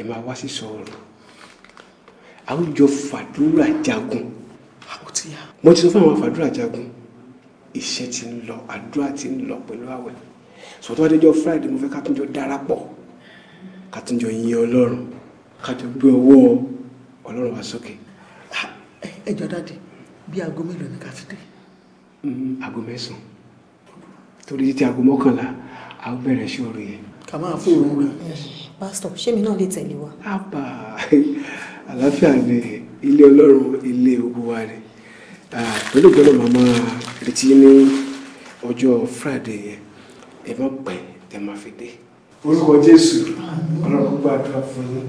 ẹ máa wá sí sọ̀rọ̀ àwùjọ fàdúrà jagun mo ti sọ fún àwọn fàdúrà jagun iṣẹ́ ti ń lọ àdúrà ti ń lọ pẹ̀lú àwẹ̀ sọ̀tọ́ adéjọ́ friday mo fẹ́ ká tún jọ darapọ̀ ká tún jọ yin ọlọ́run ká jọ gbé ọwọ́ ọlọ́run wá sókè. Ah, ẹ jọ dáàdi bí aago mélòó ni ká fi dé. Mm, aago mẹ́sàn-án torí títí aago mọ́kànlá a ó bẹ̀rẹ̀ ṣòro yẹn. ká máa fòrùn rẹ̀ pásítọ̀ ṣémi náà lè tẹ̀lé wa. àbá àlàáfíà ni ilé ọlọ́run ilé ogun wa ni pẹ̀lú ìgbọ́dọ̀ màmá retí ní ọjọ́ friday yẹn ẹ má pẹ́ ẹ má fi dé. orúkọ jésù ọlọ́run gbàdúrà fún yín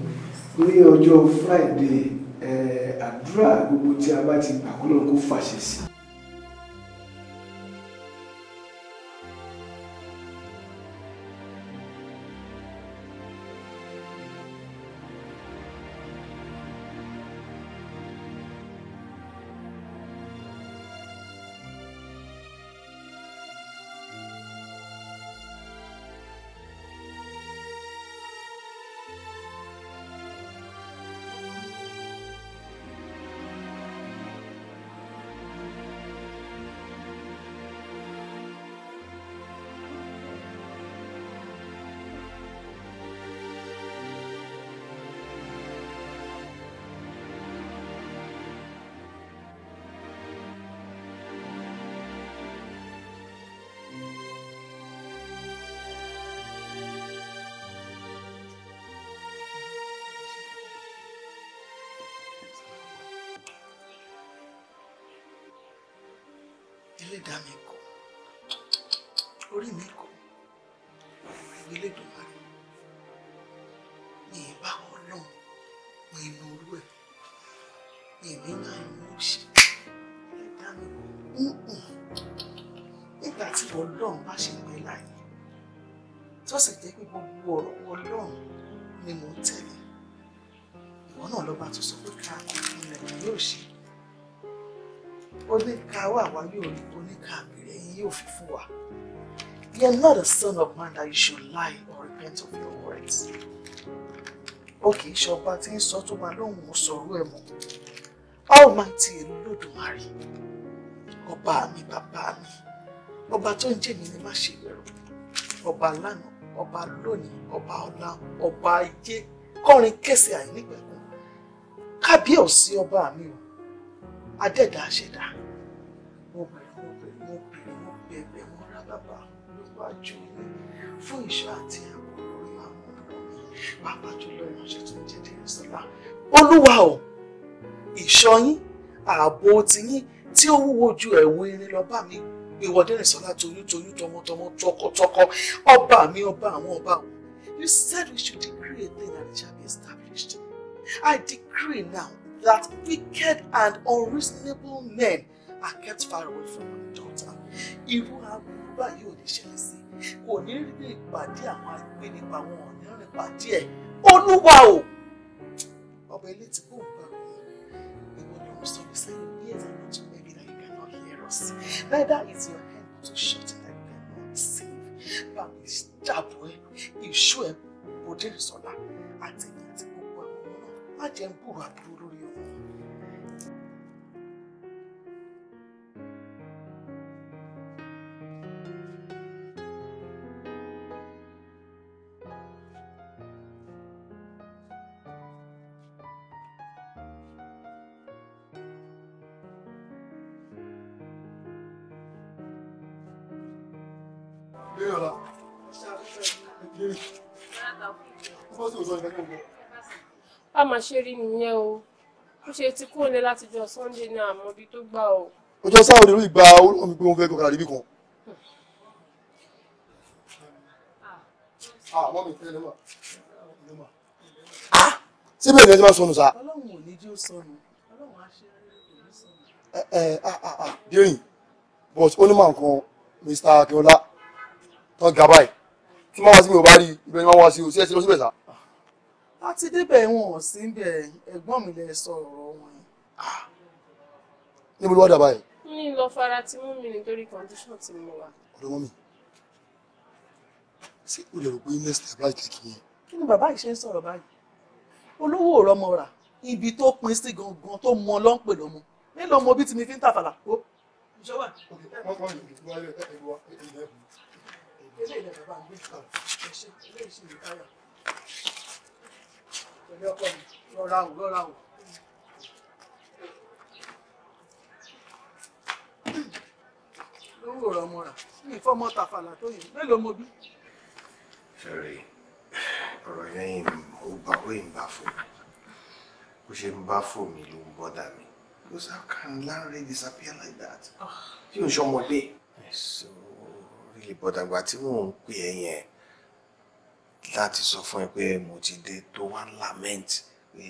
ní ọjọ́ friday àdúrà gbogbo tí a bá ti gbà náà kó fàṣẹ sí i. mi ìmọ̀ orú ẹ̀ mi ìmí náà ìmọ̀ òṣì ẹ̀dá mi nígbà tí ọlọ́run bá ṣe pẹ́ láàyè tó sì jẹ́ pé gbogbo ọ̀rọ̀ ọlọ́run ni mò ń tẹ̀lé ìwọ náà lọ́ba tó sọ pé ká ìrìnàjò yóò ṣe oníka wà wá yóò rí oníka àbẹ̀rẹ̀ yín yóò fi fún wa. You are not a son of man that you should lie or repent of your words ó kì í ṣọba tí ń sọ tó máa lóun ò sọ̀rọ̀ ẹ̀ mọ́ almighty èlú lòdùmarè ọba mi bàbá mi ọba tó ń jẹ́ mi ni má ṣe bẹ̀rù ọba lánàá ọba lónìí ọba ọ̀la ọba ayé kọrin kẹsẹ̀ àìnípẹ̀kun kábíyèsí ọba mi o adẹ́dàá ṣẹ̀dá mo bẹ̀rẹ̀ mo bẹ̀rẹ̀ mo bẹ̀rẹ̀ mo bẹ̀rẹ̀ mo rá bàbá lọ́wọ́ àjò mi fún ìṣọ́ àti ẹ̀rọ olúwa o ìṣọ́ yín ààbò tiyín tí ó wúwo ju ẹ̀wù irin lọ bá mi ìwọ Dérésọ́lá toyúntoyún tọmọtọmọ tọkọtọkọ ọba mi ọba àwọn ọba wọn you said we should decree a thing that shall be established I decree now that wicked and unreasonable men are kept far away from my daughter irú aburú báyìí ò ní ṣẹlẹ̀ sí kò ní rí ìpàdé àwọn agbé nípa wọn ọ̀nà pàdé ẹ̀ olúwa o ọba ilé tí kò gbà wọ́n ìwọ ni mo sọ ní sẹ́yìn bí ẹ̀sẹ̀ náà tún bẹ̀rẹ̀ like you cannot hear us neither is your head to shut it like you cannot save bá mi jàbọ̀ ẹ ìṣó ẹ bòdè ìsọ̀lá àtẹ̀yìn àti gbogbo àwọn ọmọ náà má jẹ́ gbòòrò àbúrò lórí ọmọ. a máa ṣe rí nìyẹn o bó ṣe ti kúrò ní látijọ́ sunday ní àmọ́ ibi tó gbà o. ọjọ́ sáà onírú ìgbà omi pé mo fẹ́ kọ́kàrà níbí kan. síbẹ̀ ni ẹ ti máa sọnù sá. ọlọ́run ò ní jí ó sọnù ọlọ́run á ṣe é ẹ ẹ ah, ah, ah, dírìn but ó ní màá kan Mr. Akinola tó ga báyìí tí wọ́n wá sí mi ò bá rí ibẹ̀ ni wọ́n wá sí o sí ẹ ti lọ síbẹ̀ sá láti débẹ̀ wọn ò sí bẹ̀ ẹ̀gbọ́n mi lè sọ ọ̀rọ̀ wọn. Ah! níbo ló wá dàbá yìí. mi lọ fara ti mú mi nítorí condition tí mo wà. ọ̀dọ́ mọ́mì ṣé o lè rò pé next step láti kìkì yẹn. kí ni bàbá yìí ṣe ń sọ̀rọ̀ báyìí olówó ọ̀rọ̀ mọ̀ rà ibi tó pin sí gangan tó mọ ló ń pè lọ́mọ nílò ọmọ bí tìmí fi ń tàfàlà kó. ìjọba ilé ìdàgbà ń gbé ìṣòro ẹ ṣe ilé ìṣèlú táyà pẹ̀lú ọkọ mi lọ́ra o lọ́ra o. lówó rọ mọ́ra ọ̀rọ̀ yẹn ò bá ó ń bá fò bó ṣe ń bá fò mí ló ń bọ́dà mi because how can Lanre disappear like that? tí o ṣọmọdé. so really bọ́dàgbà tí mò ń pè é láti sọ fún ẹ pé mo ti dé tó wá lament pé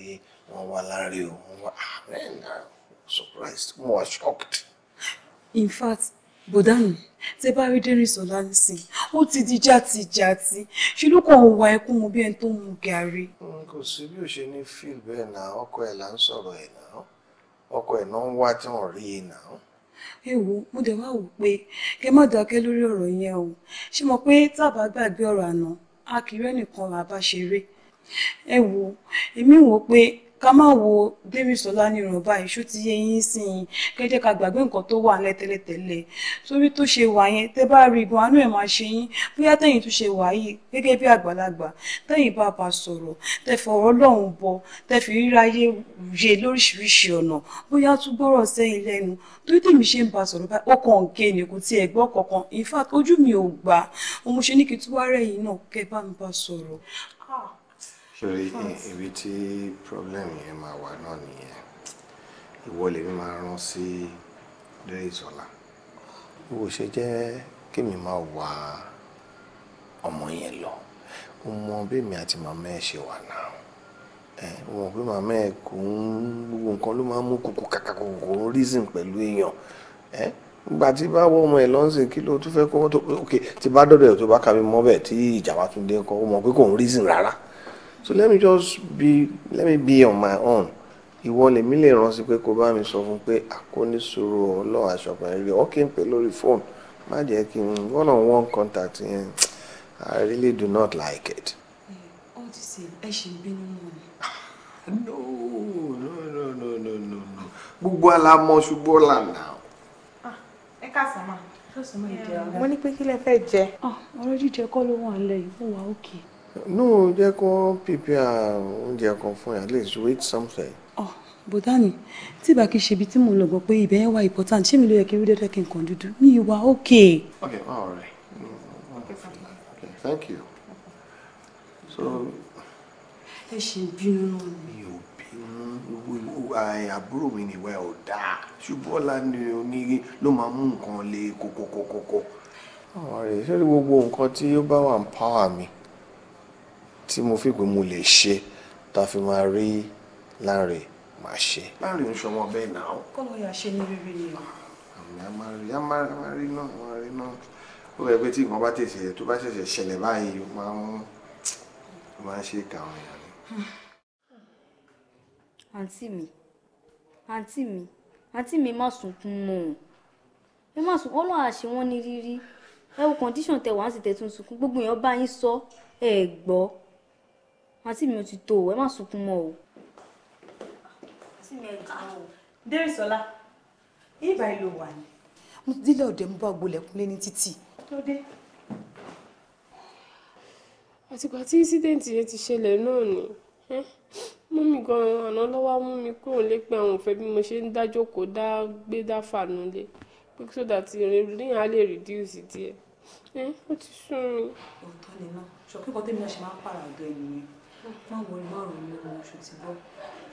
wọ́n wá láre o wọ́n wá amen ah, i'm surprised mo wá shocked. in fact bọ̀dá mi tẹ bá rí Dérìnsọ́lá nísìn ó ti di játijàti ṣùlùkọ̀ ń wa ẹkún mu bí ẹni tó ń mu gàrí. Hmm, kò sí bí o ṣe ní fíìl bẹ́ẹ̀ náà ọkọ ẹ̀ là ń sọ̀rọ̀ ẹ̀ náà ọkọ ẹ̀ náà ń wá tí wọ́n rí i náà ẹ wo mo dẹ̀ wá wò pé kẹ má dákẹ́ lórí ọ̀rọ̀ yẹn o ṣé mo pé tá gbàgbé ọ̀rọ̀ àná a kì í rẹ́nìkan rà bá ṣeré ẹ wo èmi wò pé ká má wo Dérìsọ́lá nírun báyìí ṣó ti yé yín sí i kẹjẹ ká gbàgbé nǹkan tó wà lẹ́tẹ̀lẹ́tẹ̀lẹ̀ torí tó ṣe wà yẹn tẹ bá rí gan anú ẹ̀ máa ṣe yín bóyá tẹ̀yìn tó ṣe wà yìí gẹ́gẹ́ bí àgbàlagbà tẹ̀yìn bá bá sọ̀rọ̀ tẹ fọ̀rọ̀ Ọlọ́run bọ tẹ fi ríráyé yé lóríṣiríṣi ọ̀nà bóyá tún gbọ́rọ̀ sẹ́yìn lẹ́nu torí tèmi ṣe ń bá sọ̀rọ̀ báyìí ó kàn ké ni kò tiẹ̀ gbọ́ kankan in fact ojú mi ò gbà òun ṣe ní kí tí wàá rẹ̀ yìí náà kẹ́ bá mi bá sọ̀rọ̀ sori ibi tí problem yẹn máa wà náà nìyẹn ìwọ lèmi máa rán sí Dérìsọ́lá ìwọ ṣe jẹ́ kémi máa wà ọmọ yẹn lọ ó mọ bẹ́ẹ̀mi àti màmá ẹ̀ ṣe wà náà wọn pé màmá ẹ̀ kò ń gbogbo nǹkan ló máa ń mú kùkù kàkà kò kò ń reason pẹ̀lú èèyàn gbà tí bá wọ ọmọ ẹ lọ́nsìn kí ló tún fẹ́ kọ́ tó ok tí bá dọ̀dọ̀ ẹ̀ tó bá kàwé mọ́ bẹ́ẹ̀ tí ìjàmbá tún dé ń kọ́ ó pé kò ń reason rárá so let me just be let me be on my own ìwọ lèmi lè ránṣẹ́ pé kó bá mi sọ fún pé àkóníṣòro ọlọ́run aṣọkùnrin rẹ̀ ọ́ kí n pè lórí fóònù má jẹ́ kí n one on one contact yẹn I really do not like it. ó eh, ti ṣe ẹ ṣì ń bínú mọ́ ni. Ah, no no no no no no no gbogbo alamọ ṣùgbọ́n lànà. Ah, ẹ ká sọ ma. mo ní pé kí lẹ fẹ́ jẹ. Ah, ọ̀rọ̀ jíjẹ kọ́ ló wà ń lẹ yìí fún wa òkè. Okay no jẹ́ kó prepare oúnjẹ kan fún yà at least wait something. oh bòdánì tí ìbá kí ṣe ibi tí mò ń lọ gbọ́ pé ibẹ̀ yẹn important ṣé mi ló yẹ kí n rí dẹ́dẹ́ kí mi ìwà okay. okay all right okay, thank you so. ẹ ṣe bínú náà mi ò bínú àbúrò mi nìwọ ẹ ò Da. ṣùgbọ́n ọ̀la ni onírí ló máa mú nǹkan le kókókókókó. ọ̀rẹ́ ṣé gbogbo nǹkan tí ó bá wà ń pàwọ́ mi tí mo fi pé mo lè ṣe tá a fi máa rí Lanre máa ṣe. Lanre ń ṣọmọ bẹ́ẹ̀ náà. kọ́lọ́ yà ṣe ní rere ni o. àmì àmàrí àmàrí náà àmàrí náà ó rẹ pé tí nǹkan bá tẹ̀sẹ̀ tó bá ṣẹ̀ṣẹ̀ ṣẹlẹ̀ báyìí ó máa ń máa ń ṣe kà èèyàn ni. àǹtí mi àǹtí mi àǹtí mi má sunkún mọ́ ọ ẹ má sunkún ọlọ́run àṣẹ wọn ní rírí ẹ wo condition tẹ wá sì tẹ tún sunkún gbogbo èèyàn bá yín sọ ẹ gbọ́ àǹtí mi ò ti tó o ẹ má sunkún mọ́ o. àǹtí mi ẹ jù ú. Dérìsọ́lá ibà ìlò wà ní. mo ti dílé ọ̀dẹ̀ mo bá gbolẹ̀kúnlé ní títì. tó dé. àtìgbà tí ísídẹ̀ǹtì yẹn ti ṣẹlẹ̀ náà ni mú mi gan-an àná lọ́wọ́ mú mi kúrò lé pé àwọn òfẹ́ bí mo ṣe ń dájọ́ kó dá gbé dá fàánú lé pé so that ìrìn á lè reduce díẹ̀ ó ti sún mi. òótọ́ ni náà ṣọ̀kí kan tẹ́mi náà ṣe máa ń pààrọ̀ ọ̀dọ́ ẹni yẹn má wo ìmọ̀ ọ̀rọ̀ mi oṣù tí bọ́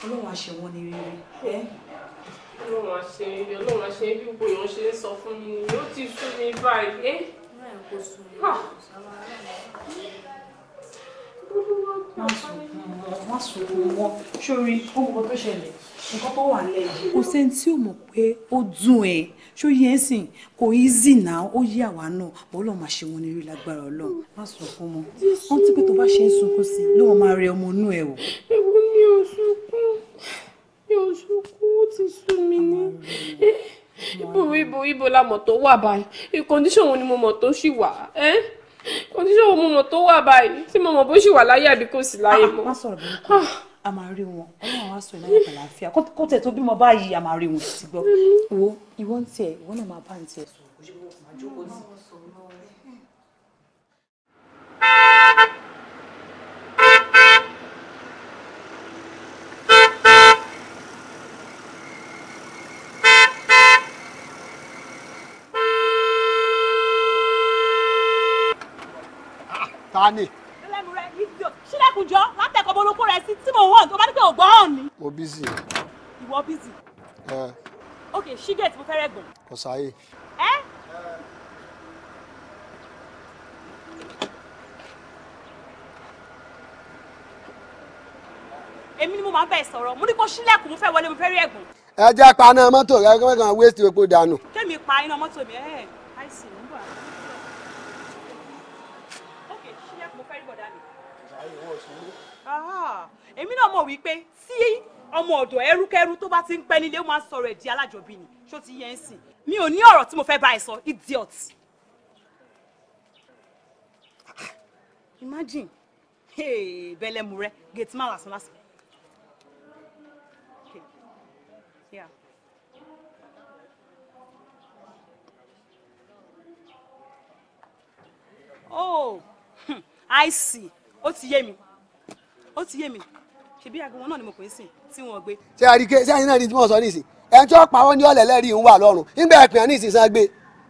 ọlọ́run àṣẹ wọn ni rere. ọlọ́run àṣẹ ibi ọlọ́run àṣẹ ibi gbogbo èèyàn ṣe ń sọ fún mi yóò ti sú mi báyìí. má sunkún mọ́ sórí ó mọ tó ṣẹlẹ̀ nǹkan tó wà lẹ́yìn. kò sẹ́ni tí ò mọ̀ pé ó dùn ẹ̀ ṣó yẹ ẹ́ sìn kò í zì náà ó yí àwa náà bọ́lọ̀ máa ṣe wọn nírí lágbára ọlọ́run má sọ fún wọn wọn ti pé tó bá ṣe ń sunkún sí i ló wọn máa rẹ ọmọ inú ẹ o. èwo ni ò sunkún ni ò sunkún ó ti sún mi ní. ibo ibo ibo la mọ̀ tó wà báyìí kọ́ndíṣọ̀n wo ni mo mọ̀ tó ṣì wà ẹ́ kọ́ndíṣọ̀n wo mo mọ̀ tó wà báyìí tí mo mọ̀ bó ṣì wà láyé àbí kò sí láyé ah, mọ́. má sọ̀rọ̀ bí a máa rí wọn ọlọ́run á sọ ẹ̀ láyé pẹ̀lú àfíà kó tẹ̀ tó bímọ báyìí a máa rí wọn ti gbọ́ wo ìwọ ń tiẹ̀ ìwọ náà máa bá ń tiẹ̀ sọ̀rọ̀ kó ṣe bí dákùnjọ́ látẹ̀kọ́ bó lóko rẹ̀ sí tí mo wọ̀ tó bá ní pé ò gbọ́ hàn ni. mo bízì. ìwọ bízì. ok ṣígẹ̀tì mo fẹ́rẹ̀ gbọ̀n. kò sáyè. ẹ. èmi ni mo máa ń bẹ̀ sọ̀rọ̀ mo ní kó ṣílẹ̀kùn mo fẹ́ wọlé mo fẹ́ rí ẹ̀gbọ́n. ẹ jẹ́ paná mọ́tò rẹ kí wọ́n kàn wéṣì epo dànù. kémi pa iná mọ́tò mi ẹ̀ ẹ̀. ìwọ ìṣòro. èmi náà mọ̀ wípé tí ọmọ ọ̀dọ̀ ẹrúkẹ́rú tó bá ti ń pẹ́ nílé ó máa ń sọ̀rọ̀ ẹ̀ di alájọbí ni ṣó ti yẹ ń sìn mi ò ní ọ̀rọ̀ tí mo fẹ́ bá ẹ sọ idiot. imagine hey, bẹ́lẹ́mu rẹ gate man lásán lásán. Yeah. oh i see ó ti yé mi ó ti yé mi ṣebí àgbo wọn náà ni mo pè é sìn tí wọn gbé. ṣé àríkè ṣé àyìn náà rí tí mo sọ nísìn ẹ̀ ń tí wọ́n pawọ́ ní ọ̀lẹ́ lẹ́rìí ń wà lọ́rùn nígbà ẹ̀pìn ní ìsìn sàn gbé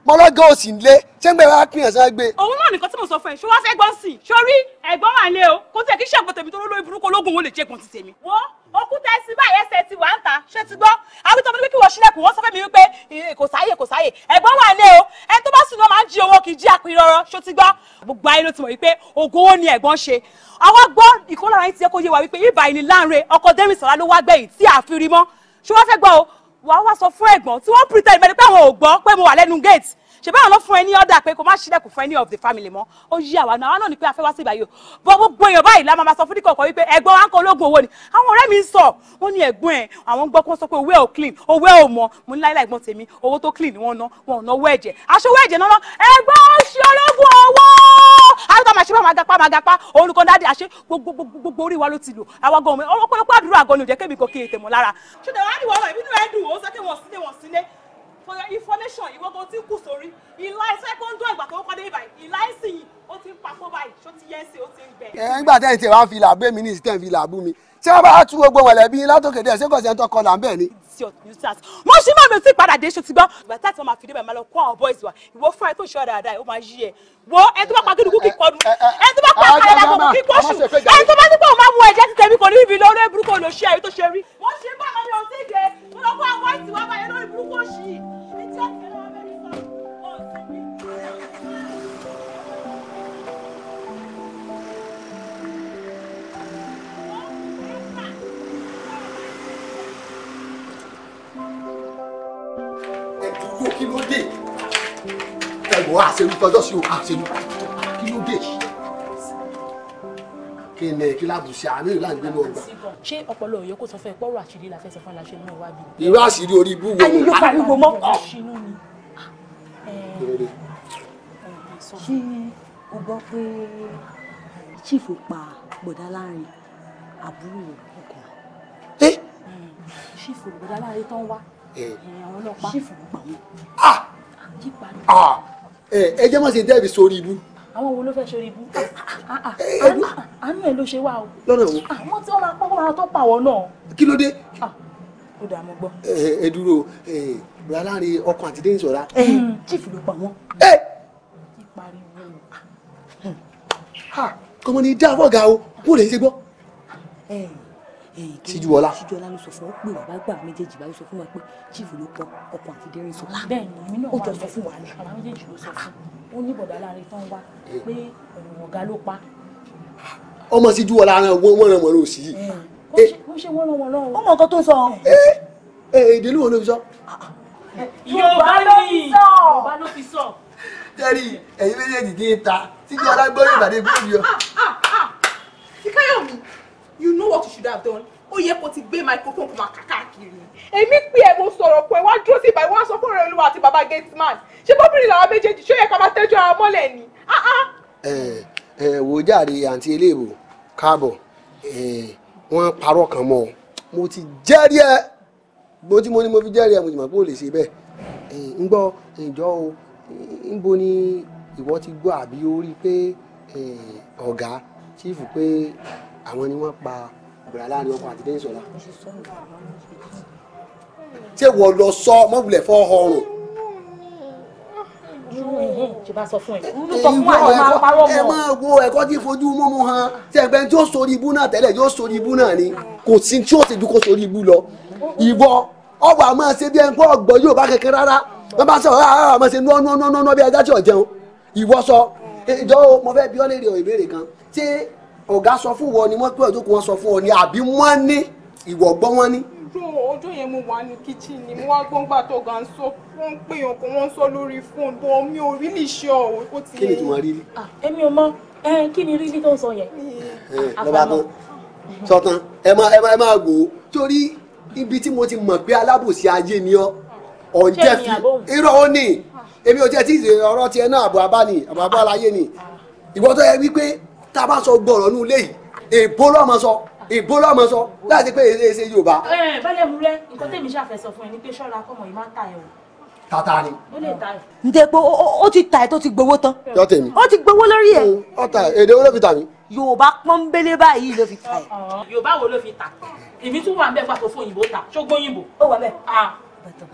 mọ́lọ́gán ò sì lé ṣé ń gbé wàá pìyàn sàn gbé. òun náà nìkan tí mo sọ fún ẹ ṣé wàá fẹ́ gbọ́n sìn sórí ẹ̀gbọ́n wà lé o kó tẹ̀ kí ṣàpọ̀tẹ̀mí tó lóyún burúkú ológun wo lè jẹ́gun ti tèmi. wọ́n òkúta ẹsìn báyìí ẹsẹ̀ ti wà ń ta ṣé ti gbọ́ àwọn ìtọ́mọ́ ní kí wọ́n ṣílẹ̀kùn wọ́n sọ fẹ́ mi wípé eh, kò sáyè kò sáyè ẹ̀gbọ́n wà lé o ẹ tó bá sùn náà máa ń jí owó kì í jí àpérọrọ ṣó ti gbọ́ gbogbo ayé ló ti mọ̀ wípé ògùn owó ni ẹ̀gbọ́n ṣe àwọn gbọ́ ìkólọ́ra yín ti yẹ kó yé wa wípé ibà yìí ni láǹre ọkọ dẹ́rìnsọ̀lá ló wá gbẹ̀yìn tí àfin rí mọ́ ṣé wọ́n fẹ́ gbọ́ o wàá wá sọ fún ẹ̀gbọ́n tí wọ́n pretend mẹ́rin pé àwọn ò gbọ́ pé mo wà lẹ́nu gate ṣe báwọn ló fún ẹ ní ọ̀dà pé kò má ṣílẹ̀kùn fún any of the family mọ́ ó yí àwa náà àwọn náà ní pé a fẹ́ wá sí ìbáyò bọ́ gbogbo èèyàn báyìí la máa sọ fún níkọ̀ọ̀kan wípé ẹ̀gbọ́n wa ń kan ológun owó ni àwọn ọ̀rẹ́ mi ń sọ wọ́n ní ẹ̀gbọ́n ẹ̀ àwọn gbọ́ kó sọ pé owó ẹ̀ ò clean owó ẹ̀ ò mọ mo ní láìláì gbọ́n tèmi owó tó clean ni wọ́n ná wọn ò ná owó ẹ̀jẹ̀ aṣọ owó ẹ̀jẹ̀ náà ẹ̀gbọ́n ṣe ológun owó àrùtọ́ màṣẹ́ bá máa gapá máa gapá òun nìkan dáadé àṣẹ gbogbo orí wa ló ti lò àwa gan ọmọ ọpọlọpọ àdúrà gan ni ò jẹ́ kébi kò kí ètè mọ́ lára ṣùgbọ́n wàá ní wọ́n ìbínú ẹ̀ dùn ó sọ pé wọ́n sílé wọ́n sílé For your information ìwọ tó ti kù sórí ìlà ẹsẹ kó ń dún ìgbà tó kọ́dé ìbàyí ìlà ẹ̀sìn yìí ó ti ń papọ̀ báyìí ṣó ti yẹ ẹ̀sìn ó ti ń bẹ̀. ẹ ń gbà tẹ́ ìtẹ̀ wá fi làbú èmi ní ìsìtẹ́ fi làbú mi ṣé wọ́n bá tú gbogbo wẹ̀lẹ̀ bí látòkèdè ṣé kò sí ẹni tó kọlà ń bẹ̀ ni sí ọ̀tún ní sars mo ṣì máa mi padà dé ṣe ti gbọ́ ìgbà tí àti wọn máa fi lọ kó àwọn boys wa ìwọ fún ẹ tó ṣọ́ dáadáa ó máa yí ẹ wo ẹ tó bá pa gídùkú kí kọdún eh, eh, eh, ẹ tó bá pa ah, àkàlà kò kí kọ́ṣù ẹ tó bá nípa máa mú ẹ̀jẹ̀ ti kò ní ibi lórí burúkú olóṣù ẹ̀rí tó ṣe rí. mo ṣe bá àwọn ọmọ mi ò tí ì kú kí ló dé ẹ̀wọ̀n àṣẹlú kọjọ́ sí o àṣẹlú kí ló dé kí ni kí láàbù ṣe àánú ìlànà ìgbénu ọgbà. ṣé ọpọlọ òye kò sọ fún ẹ pé ọ̀rọ̀ àṣírí la fẹ́ sọ fún aláṣẹ mú ìwà bí. irú àṣírí orí ibú wo. ayé ló pariwo mọ́. ṣé o gbọ́ pé chief pa gbọ̀dá láàrin àbúrò ọkọ̀. ṣífù gbọ̀dá láàrin tó ń wá Eh. àwọn ọlọ́pàá ṣì fún gbà wọn. ẹ jẹ́ má ṣe dẹ́bi sórí ibú. àwọn wo ló fẹ́ sórí ibú. Eh, ah, ah, ah, àánú ẹ ló ṣe wá o. lọ́nà wo. àwọn tí wọ́n máa pọ́n máa tó pàwọ́ náà. kí ló dé. ó dàá mo gbọ́. Eh, ẹ dúró bùrọ̀ láàrin ọkọ̀ àti dẹ́yìn sọ̀ra. Hmm, chief ló pa wọ́n. kọ́mọ ni dáa fọ́gà o bó lè ṣe gbọ́ síjúọlá. síjúọlá ló sọ fún ọ pé bàbá gbà méjèèjì báyìí sọ fún wa pé chief ló kọ ọkàn àti dẹrìn sọ. bẹ́ẹ̀ni èmi náà wà lọ fún wa ni. bàbá méjèèjì ló sọ fún ó ní bọ̀dá láàrin tán wá pé ọ̀rọ̀ ọ̀gá ló pa. ọmọ síjúọlá ara wọn wọn ràn wọn lọ sí i. ó eh. ṣe wọn ràn wọn lọ. ọmọ nǹkan tó sọ. Eh, eh, èdè ló wọn ló fi sọ. Yorùbá ló fi sọ. Yorùbá ló fi sọ. tẹ́rì ẹ̀yin méjèèjì dín ta síjúọlá gbọ́dọ̀ ìbàdàn ìgbọ́dọ̀ you know what you should have done ó ye, kó ti gbé microphone kó máa káàkiri. èmi pé ẹ mo sọ̀rọ̀ pé wá dúró sí ìbáyìí wá sọ fún ọ̀rẹ́ olúwa àti bàbá gateman ṣé bóbìnrin làwọn méjèèjì ṣó yẹ ká máa tẹ́jú ara mọ́lẹ̀ ni. Ah, ah. ẹ ẹ wò ó jàre àǹtí eléèbò káàbọ̀ wọ́n parọ́ kan mọ́ ọ mo ti jẹ́rìí ẹ mo ti mo ni mo fi jẹ́rìí ẹ mo ti mọ̀ pé ó lè ṣe bẹ́ẹ̀ ń gbọ́ ìjọ o ń bo ni ìwọ ti gbọ́ àbí ó pé ọ̀gá chief pé àwọn ni wọ́n pa ìbùrà láàrin ọkọ àti dẹ́yìnsọ̀lá ṣé wọ́n lọ sọ mọ́wulẹ̀ fọ́ ọrùn. ṣe bá sọ fún ẹ ń sọ fún àlọ́ máa parọ́ mọ́. ẹ máa wo ẹ̀kọ́ tí fojú múmu han tẹ̀gbẹ́ tí ó sori ibú náà tẹ́lẹ̀ yóò sori ibú náà ni kò sí tí ó sì ju kó sori ibú lọ ìwọ ọwọ́ àmọ́ ṣe bí ẹni pé ọgbọ́n yóò bá kankan rárá wọ́n bá sọ̀rọ̀ rárá ah, ah, àmọ́ ṣe nọ́ọ́nọ́ọ́nọ́ bí ajá tí ò jẹun ìwọ sọ ìjọ eh, mo fẹ́ bi ọ́ léèrè ìbéèrè kan ṣé ọ̀gá sọ fún wọn ni wọ́n pé ọjọ́ kó wọ́n sọ fún ọ ni àbí wọ́n ní ìwọ gbọ́ wọ́n ní. ìjọ ọjọ́ yẹn mo wà ní kíchìn ni mo wá gbọ́n gbà tó ga ń sọ wọ́n pè yàn kó wọ́n sọ lórí fóònù tó mi ò rí lè ṣe ọ̀wọ́ kó ti. kí ni tí wọ́n rí rí. èmi ò mọ kí ni rírí tó ń sọ yẹn. Eh, ah, lọ́ba kan sọ̀tàn ẹ máa ẹ máa wò ó torí ibi tí mo ti mọ̀ pé alábòsí ayé ni ọ́ ọ̀njẹ́ fi irọ́ ó ní èmi ò jẹ́ tí ọ̀rọ̀ tiẹ̀ náà àbọ̀ abá ni àbọ̀ abá láyé ni ah. ìwọ́n tó yẹ wípé tá a bá sọ gbọ̀rọ̀ nù léyìí èbó lọ́mọ sọ ìbò lọ́mọ sọ láti pé èdè ṣe Yorùbá. ẹ bẹ́lẹ̀ mú rẹ nǹkan tèmi ṣàfẹ́sọ fún ẹ ní pé ṣọ́ra kọ́mọ yìí máa ń ta ẹ̀ o. tata ni. ó lè ta ẹ̀. ǹjẹ́ pé ó ti ta ẹ̀ tó ti gbowó tán. yọ tèmi. ó ti gbowó lórí ẹ̀. ọ̀tá èdè wo ló fi tà mí. Yorùbá pọ́nbélé báyìí ló fi ta ẹ̀. Yorùbá wo ló fi ta èmi tún wà ń bẹ gbà tó fún òyìnbó ta ṣógbó òyìnbó. ó wà bẹ́ẹ̀. Ah.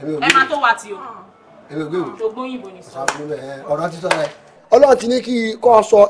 ẹ máa tó wa ti o. ṣógbó òyìnbó ni sọ. ọ̀rọ̀ ti sọ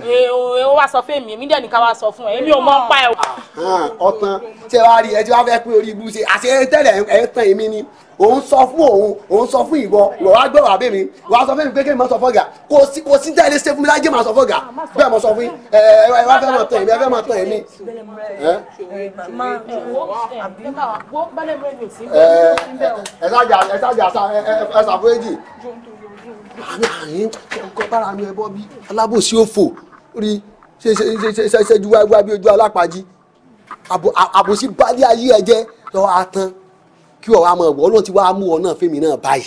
ó wá sọ fún èmi èmi dẹ̀ ní ká wá sọ fún ẹ èmi ò mọ pa ẹ. ọ̀tàn tí ẹ wá rí ẹ tí wàá fẹ́ pé orí ibú ṣe àṣẹ tẹ́lẹ̀ ẹ tàn èmi ni òun sọ fún òun òun sọ fún ìwọ ìwọ wá gbọ́ wàá bẹ̀ mí wà á sọ fún mi pé kéèmí má sọ fọ́gà kò sí kò sí tẹ́lẹ̀ ṣe fún mi lájẹ́ má sọ fọ́gà bẹ́ẹ̀ mo sọ fún yín ẹ ẹ wá fẹ́ máa tàn èmi ẹ fẹ́ máa tàn èmi. ẹ ṣáàjà ẹ ṣáàjà ẹ ṣàfúrẹ́jì láàrin kọ́ bára nu ẹbọ bí alábòsí òfò rí ṣẹṣẹjú wá bí ojú alápàjì àbòsí bálé ayé ẹ jẹ́ lọ atan kí ọ̀ wá mọ̀ ọ̀gbọ́n ló ti wá mú ọ náà fẹ́mi náà báyìí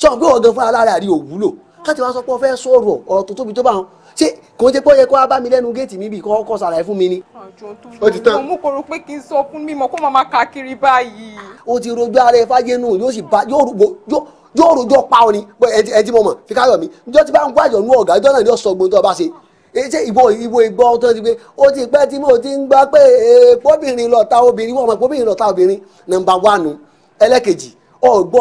sọ pé ọ̀gán fún alára rí òwúlò káti wá sọ pé ọ fẹ́ sọ̀rọ̀ ọ̀rọ̀ tó tóbi tó bá wọn ṣé kò ń ṣe pé ó yẹ kó wá bá mi lẹ́nu géètì mi bí kò kọ́ sàlàyé fún mi ni. ó ti tán mo kòrò pé kí n sọ fún mímọ kó máa máa káàkiri báyìí. ó ti rojú ara ẹ fájẹ́nù yóò sì bá yóò yóò rojọ́ pa ọ ni ẹ mọ mọ̀ fi mi ìjọ ti bá ń gbàjọ nú ọ̀gá ìjọ náà ni ó sọ gbogbo tó o bá ṣe ṣe ìbò ìbò ìgbọ́ tó ti pé ó ti pẹ́ tí mo ti ń gbọ́ pé pọ́bìnrin lọ́ta obìnrin wọ́n mọ̀ pọ́bìnrin lọ́ta obìnrin nọ́mbà wánu ẹlẹ́kejì olúbọ̀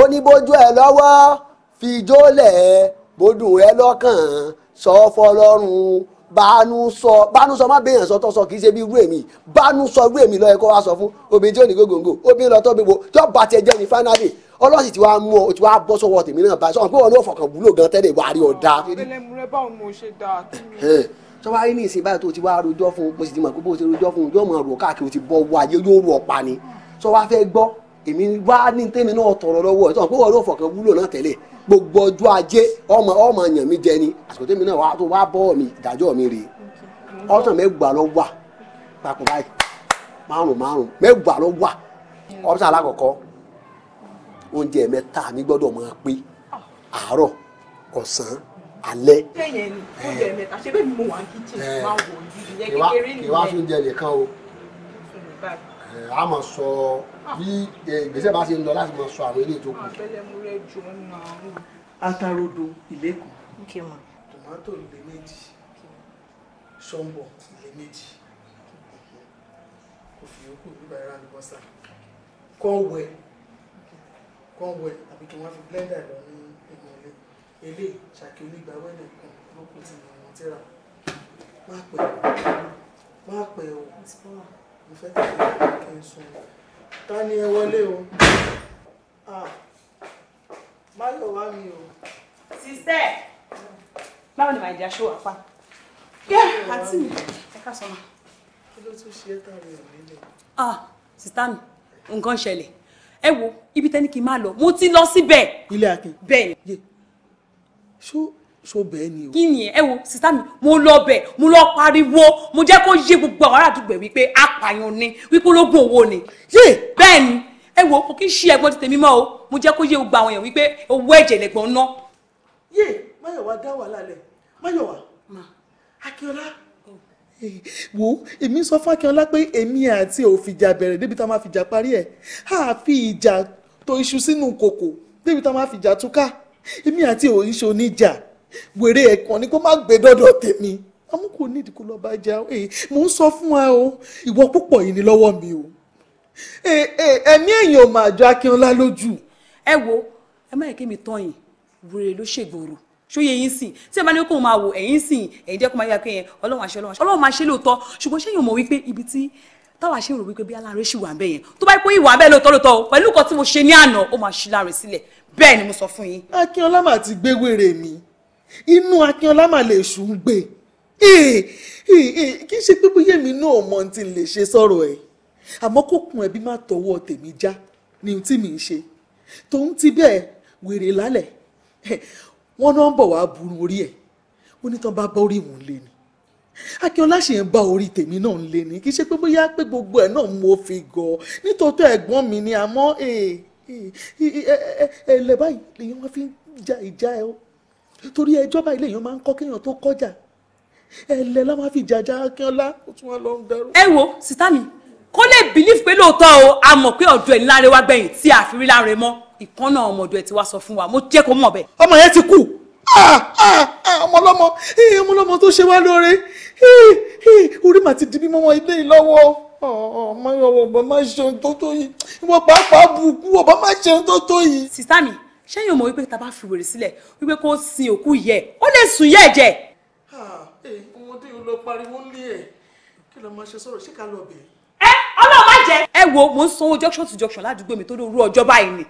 ó ní bójú ẹ lọ́wọ́ ẹ lọ́kàn sọ fọlọ́run bánú sọ bánú sọ má sọ tó sọ kì í ṣe bí irú sọ irú èmi kó wá sọ fún obìnrin tí ó ní obìnrin ọlọ́sì tí wàá mú ọ tí wàá bọ́ sọ́wọ́ tèmi náà báyìí sọ̀rọ̀ pé wọn ló fọkàn wúlò gan tẹ́lẹ̀ wàá rí ọ̀dà. sọ́wọ́ ayé ní ìsìn báyìí tó ti wá rojọ́ fún mo sì ti mọ̀ pé bó ṣe rojọ́ fún yóò máa rò káàkiri ti bọ́ wọ yóò rò ọ̀pá ni sọ́wọ́ afẹ́ gbọ́ èmi wá ní tèmi náà tọrọ lọ́wọ́ ẹ̀ pé wọn ló fọkàn wúlò náà tẹ́lẹ̀ gbogbo ọjọ́ ajé ọmọ ọmọ oúnjẹ mẹ́ta mi gbọ́dọ̀ máa pé àárọ̀ ọ̀sán alẹ́. kẹ́yìn oúnjẹ mẹ́ta ṣé bẹ́ẹ̀ ni mo wà ní kitchen máa wò ní ìyẹn kékeré nìyẹn. kì í wá sí oúnjẹ nìkan o a máa sọ bí ìgbésẹ̀ bá ṣe ń lọ láti máa sọ àwọn eléyìí tó kù. atarodo ìlẹ́kùn tòmátò ilé méjì ṣọ́mbọ̀ ilé méjì kò fi yòókù nígbà ìrànlọ́sà kọ́wẹ́ kàn wẹ àbí kí wọ́n fi blender lọ ní ìmọ̀lẹ̀ ilé ṣàkí onígbàwẹ̀ nìkan ló kù tí mo ti rà má pẹ́ má pẹ́ o mo fẹ́ tẹ̀lé kí n sùn ta ni ẹ wọlé o báyọ̀ wá mi o. sísẹ́ báwo ni màá jẹ́ aṣọ àpá. yá àti mi ẹ ká sọ ma. kí ló tún ṣe é tàbí ẹ̀ nílẹ̀. ah sísá mi nǹkan ṣẹlẹ̀ ẹ wo ibi tẹ́ni kì í máa lọ mo ti lọ síbẹ̀. ilé akin bẹ́ẹ̀ ni. ṣó ṣó bẹ́ẹ̀ ni o. kí ni ẹ wo sista mi mo lọ bẹ̀ mo lọ pariwo mo jẹ́ kó yé gbogbo àwọn àdúgbò wípé apààyàn ni wípé ológun owó ni. yé bẹ́ẹ̀ ni ẹ wo kò kí n ṣe ẹ̀gbọ́n ti tèmi mọ́ o mo jẹ́ kó yé gbogbo àwọn èèyàn wípé owó ẹ̀jẹ̀ lẹ̀gbọ́n ná. yé máyọ̀wá dá wàhálà lẹ̀ máyọ̀wá akínọlá wo èmi sọ fákínọlá pé èmi àti òfìjà bẹ̀rẹ̀ débi tá a máa fìjà parí ẹ̀ á fi ìjà tó iṣu sínú kòkò débi tá a máa fìjà túká èmi àti òyìnṣe oníjà wèrè ẹ̀kan ni kó má gbé dọ́dọ̀ tèmi àmú kò nídìí kó lọ́ọ́ bá jà ó mò ń sọ fún ẹ o ìwọ púpọ̀ yìí ni lọ́wọ́ mi o ẹ̀mí èèyàn ò máa jọ akínọlá lójú. ẹ wo ẹ má yẹ kí mi tán yìí wèrè ló ṣègbòrò ṣóyè yín sìn tí ẹ bá ní kó máa wò ẹ̀yìn sìn ẹ̀yìn jẹ́ kó máa yá pé yẹn ọlọ́run àṣẹ ọlọ́run àṣẹ ọlọ́run máa ṣe lóòótọ́ ṣùgbọ́n ṣé èèyàn mọ̀ wípé ibi tí táwa ṣe ń rò wípé bí aláàárẹ̀ ṣì wà ń bẹ̀ yẹn tó bá yẹ pé ìwà ń bẹ̀ lóòótọ́ lóòótọ́ pẹ̀lú nǹkan tí mo ṣe ní àná ó máa ṣí láàrin sílẹ̀ bẹ́ẹ̀ ni mo sọ fún yín. akínọlá mà ti gbé wèrè mi inú akínọlá mà lè ṣù gbé kì í ṣe pé bóyá èmi náà mọ ohun tí n lè ṣe sọ̀rọ̀ ẹ̀ àmọ́ kó kun ẹbí má tọwọ́ tèmi já ni ohun tí mi ń ṣe tòun ti bẹ́ẹ̀ wèrè lálẹ́ wọ́n náà ń bọ̀ wá burú orí ẹ̀ ó ní tán bá bá orí òun lé ni akínọlá ṣì ń bá orí tèmi náà ń lé ni kì í ṣe pé bóyá pé gbogbo ẹ̀ náà mo fi gọ̀ nítòótọ́ ẹ̀gbọ́n mi ni àmọ́ ẹ̀lẹ́ báyìí lèyàn wá fi ń ja ìjà ẹ o torí ẹjọ́ báyìí lèyàn máa ń kọ́ kéèyàn tó kọjá ẹ̀lẹ́ la máa fi jàjà akínọlá ó tún wá lọ ń darú. ẹ wo sítá mi kó lè bìlíf pé lóòótọ́ o a mọ̀ pé ọ̀dọ̀ ẹ̀ ńlá rẹ wá gbẹ̀yìn tí a fi rí láre mọ́ ìkànnà ọmọdé ti wá sọ fún wa mo jẹ́ kó mọ̀ bẹ́ẹ̀. ọmọ yẹn ti kú ọmọlọmọ ah, ah, ah, ọmọlọmọ eh, tó ṣe wá lóore eh, eh, orí màá ti di bí mọ́mọ́ ilé yìí lọ́wọ́ ọmọ ọba máa ṣe ohun tó tó yìí ìwọ pàápàá bùkún ọba máa ṣe ohun tó tó yìí. sísá mi ṣẹ́yìn ò mọ̀ wípé tá a bá fi wèrè sílẹ̀ wípé kó sin òkú yẹ ó lè sùn yẹ jẹ. ọmọdé yìí lọ pariwo ń lé ẹ kí ló máa ṣe sọ̀rọ̀ ṣé ká lọ bẹ̀ẹ́. ẹ ọlọ́ọ̀ má jẹ. ẹ wo mo ń sanwó junction to junction ládùúgbò mi tó lóru ọjọ́ báyìí ni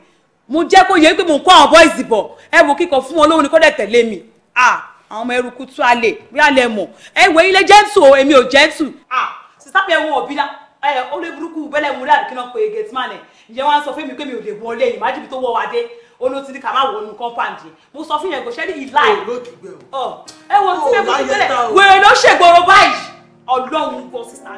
mo jẹ́ kó yẹ pé mo kó àwọn boys bọ̀ ẹ wo kíkọ fún wọn lóhùn ni kó dẹ̀ tẹ̀lé mi ah àwọn ọmọ eruku tú alẹ̀ bí alẹ̀ mọ̀ ẹ wẹ̀ ilé jẹ́ǹtù o èmi ò jẹ́ǹtù ah sísá pé ẹ̀wọ̀n òbí la ẹ ó lé burúkú bẹ́lẹ̀ wúlé àdùkí náà pé gateman ẹ̀ ìyẹn wá ń sọ fún mi pé mi ò lè wọlé yìí májèbí tó wọ́ wa dé olóòtú ní ká má wọnú compound yìí mo sọ fún yẹn kò ṣẹ́ni ìlà ẹ̀ ẹ wọ sílẹ̀ kó tó tẹ́lẹ̀ wèrè ló ṣègbòrò báyìí ọlọ́run gbọ́ sísá.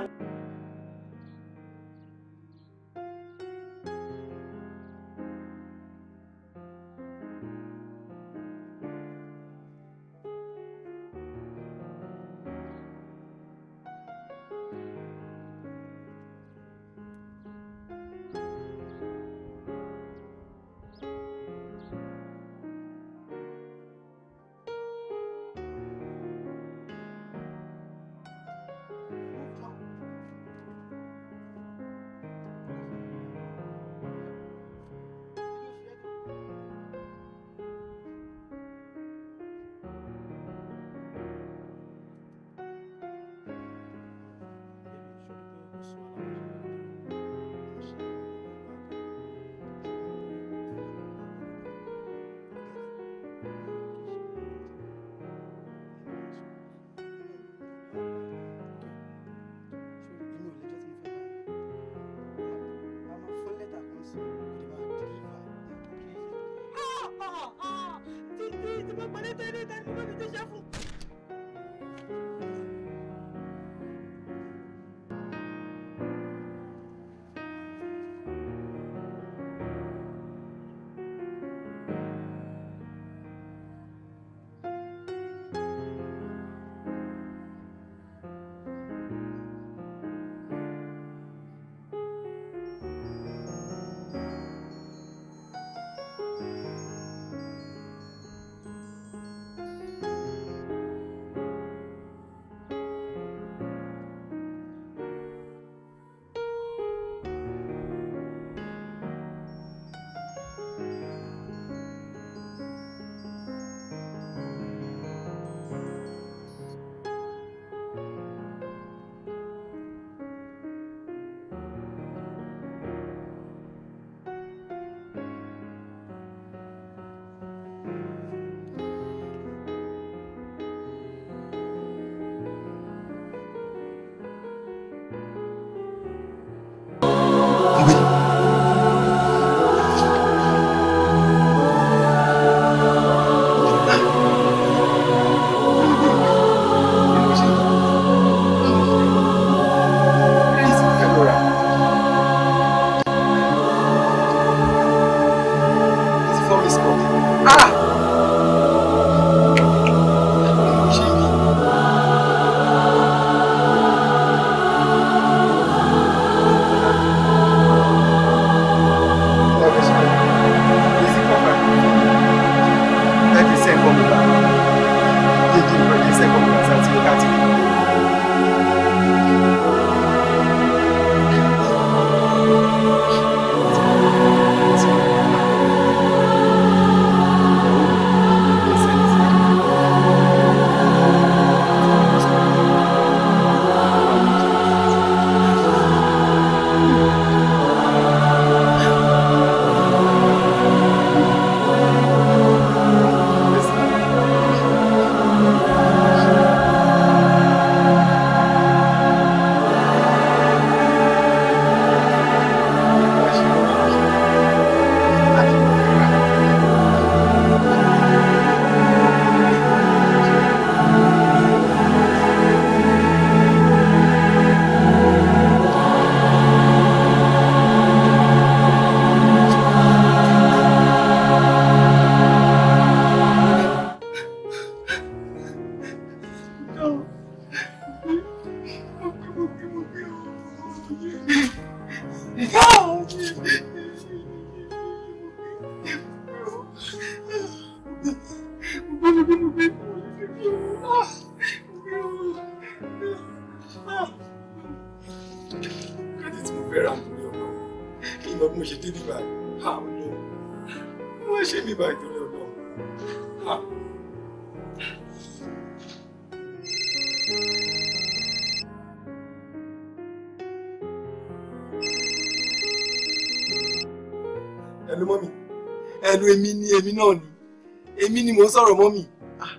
ń sọ̀rọ̀ mọ́ mi ah,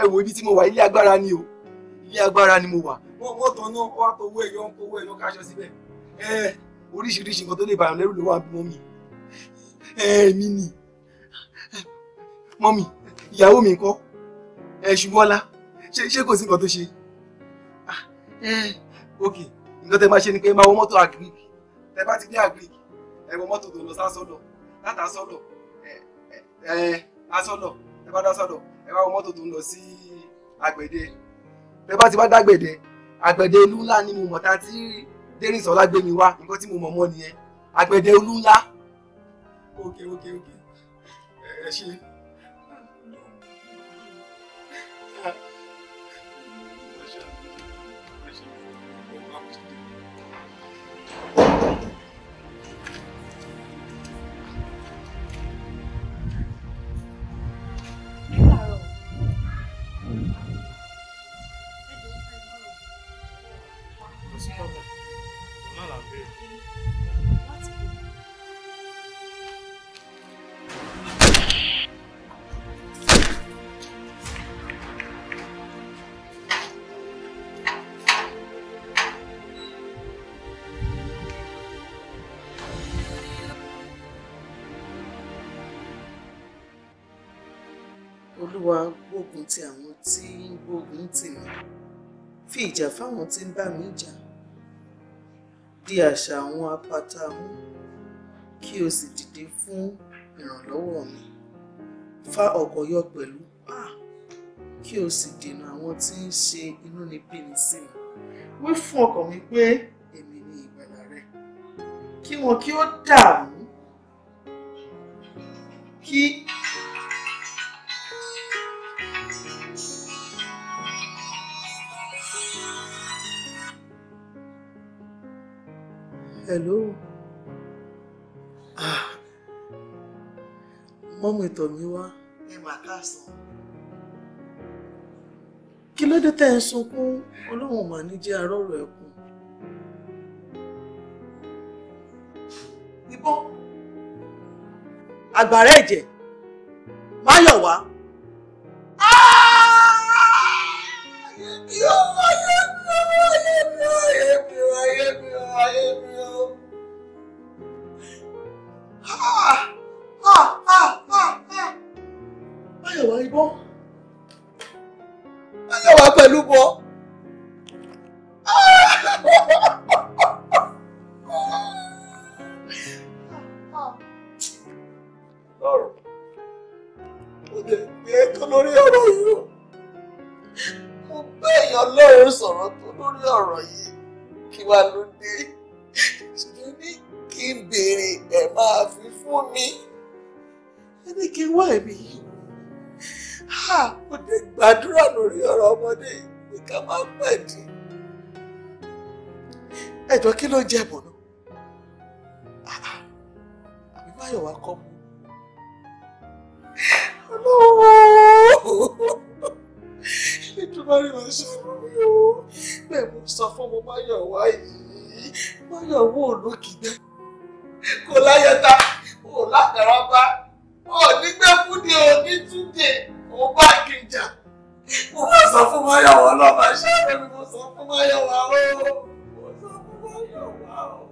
ẹ wo ibi tí mo wà ilé agbára ni o ilé agbára ni mo wà. wọ́n wọ́n tán náà wọ́n á tó owó ẹ̀yọ́ owó ẹ̀yọ́ káṣọ síbẹ̀ ẹ oríṣiríṣi nǹkan tó lè bàyàn lẹ́rù ló wà mọ́ mi ẹ mi nì mọ́ mi ìyàwó mi ńkọ́ ẹ ṣùgbọ́nlá ṣé ṣé kò sí nǹkan tó ṣe ah, ẹ ok nǹkan tẹ máa ṣe ni pé máa wọ mọ́tò agric tẹ bá ti dé agric ẹ wọ mọ́tò tó lọ sásọ́dọ̀ látàsọ́dọ̀ ẹ ẹ asọ́dọ̀ ẹ bá dá sọ́dọ̀ ẹ bá wọ mọ́tò tó ń lọ sí àgbẹ̀dẹ ẹ bá ti wá dágbẹ̀dẹ àgbẹ̀dẹ ìlú ńlá ni mo mọ̀ tá tí dérìnsọ́lá gbé mi wá nǹkan tí mo mọ̀ mọ́ nìyẹn àgbẹ̀dẹ ìlú ńlá. okay okay okay ẹ ṣe. olúwa gbógun ti àwọn tí ń gbógun tì mí fi ìjà fáwọn tí ń bá mi jà di àṣà àwọn apata mú kí o sì dìde fún ìrànlọ́wọ́ mi fa ọkọ̀ pẹ̀lú a kí o sì dènà àwọn tí ń ṣe inúnibíni sí mi wí fún ọkàn mi pé èmi ni ìgbàlà rẹ kí wọn kí ó dààmú kí hello ah mọ́mú ìtọ̀ mi wá. ẹ mà káàsán. kí ló dé tẹ́ ẹ sunkún ọlọ́run mà ní jẹ́ arọ́rọ̀ ẹkún. ìbọn àgbàrá ẹ̀jẹ̀ máyọ̀wá. lórí ọ̀rọ̀ yìí kí wá ló dé ṣùgbọ́n ní kí n béèrè ẹ̀ máa fi fún mi ẹni kí n wá ẹ̀mí yìí ó dé gbàdúrà lórí ọ̀rọ̀ ọmọdé pé ká má pẹ́ dì ẹ̀jọ̀ kí ló jẹ́ bọ̀nà àbí máyọ̀ wá kọ́ mu ọlọ́wọ́ ìdúmọ̀rì máa ṣàánú mi o bẹ́ẹ̀ mo sọ fún ọmọ máyọ̀wá yìí máyọ̀wá olókìdá kò láyọ̀tà ò lágàrábá ò ní gbẹ́kúndé ò ní túndé ò bá kìjà mo máa sọ fún máyọ̀wá lọ́ba ṣáájú mi mo sọ fún máyọ̀wá o mo sọ fún máyọ̀wá o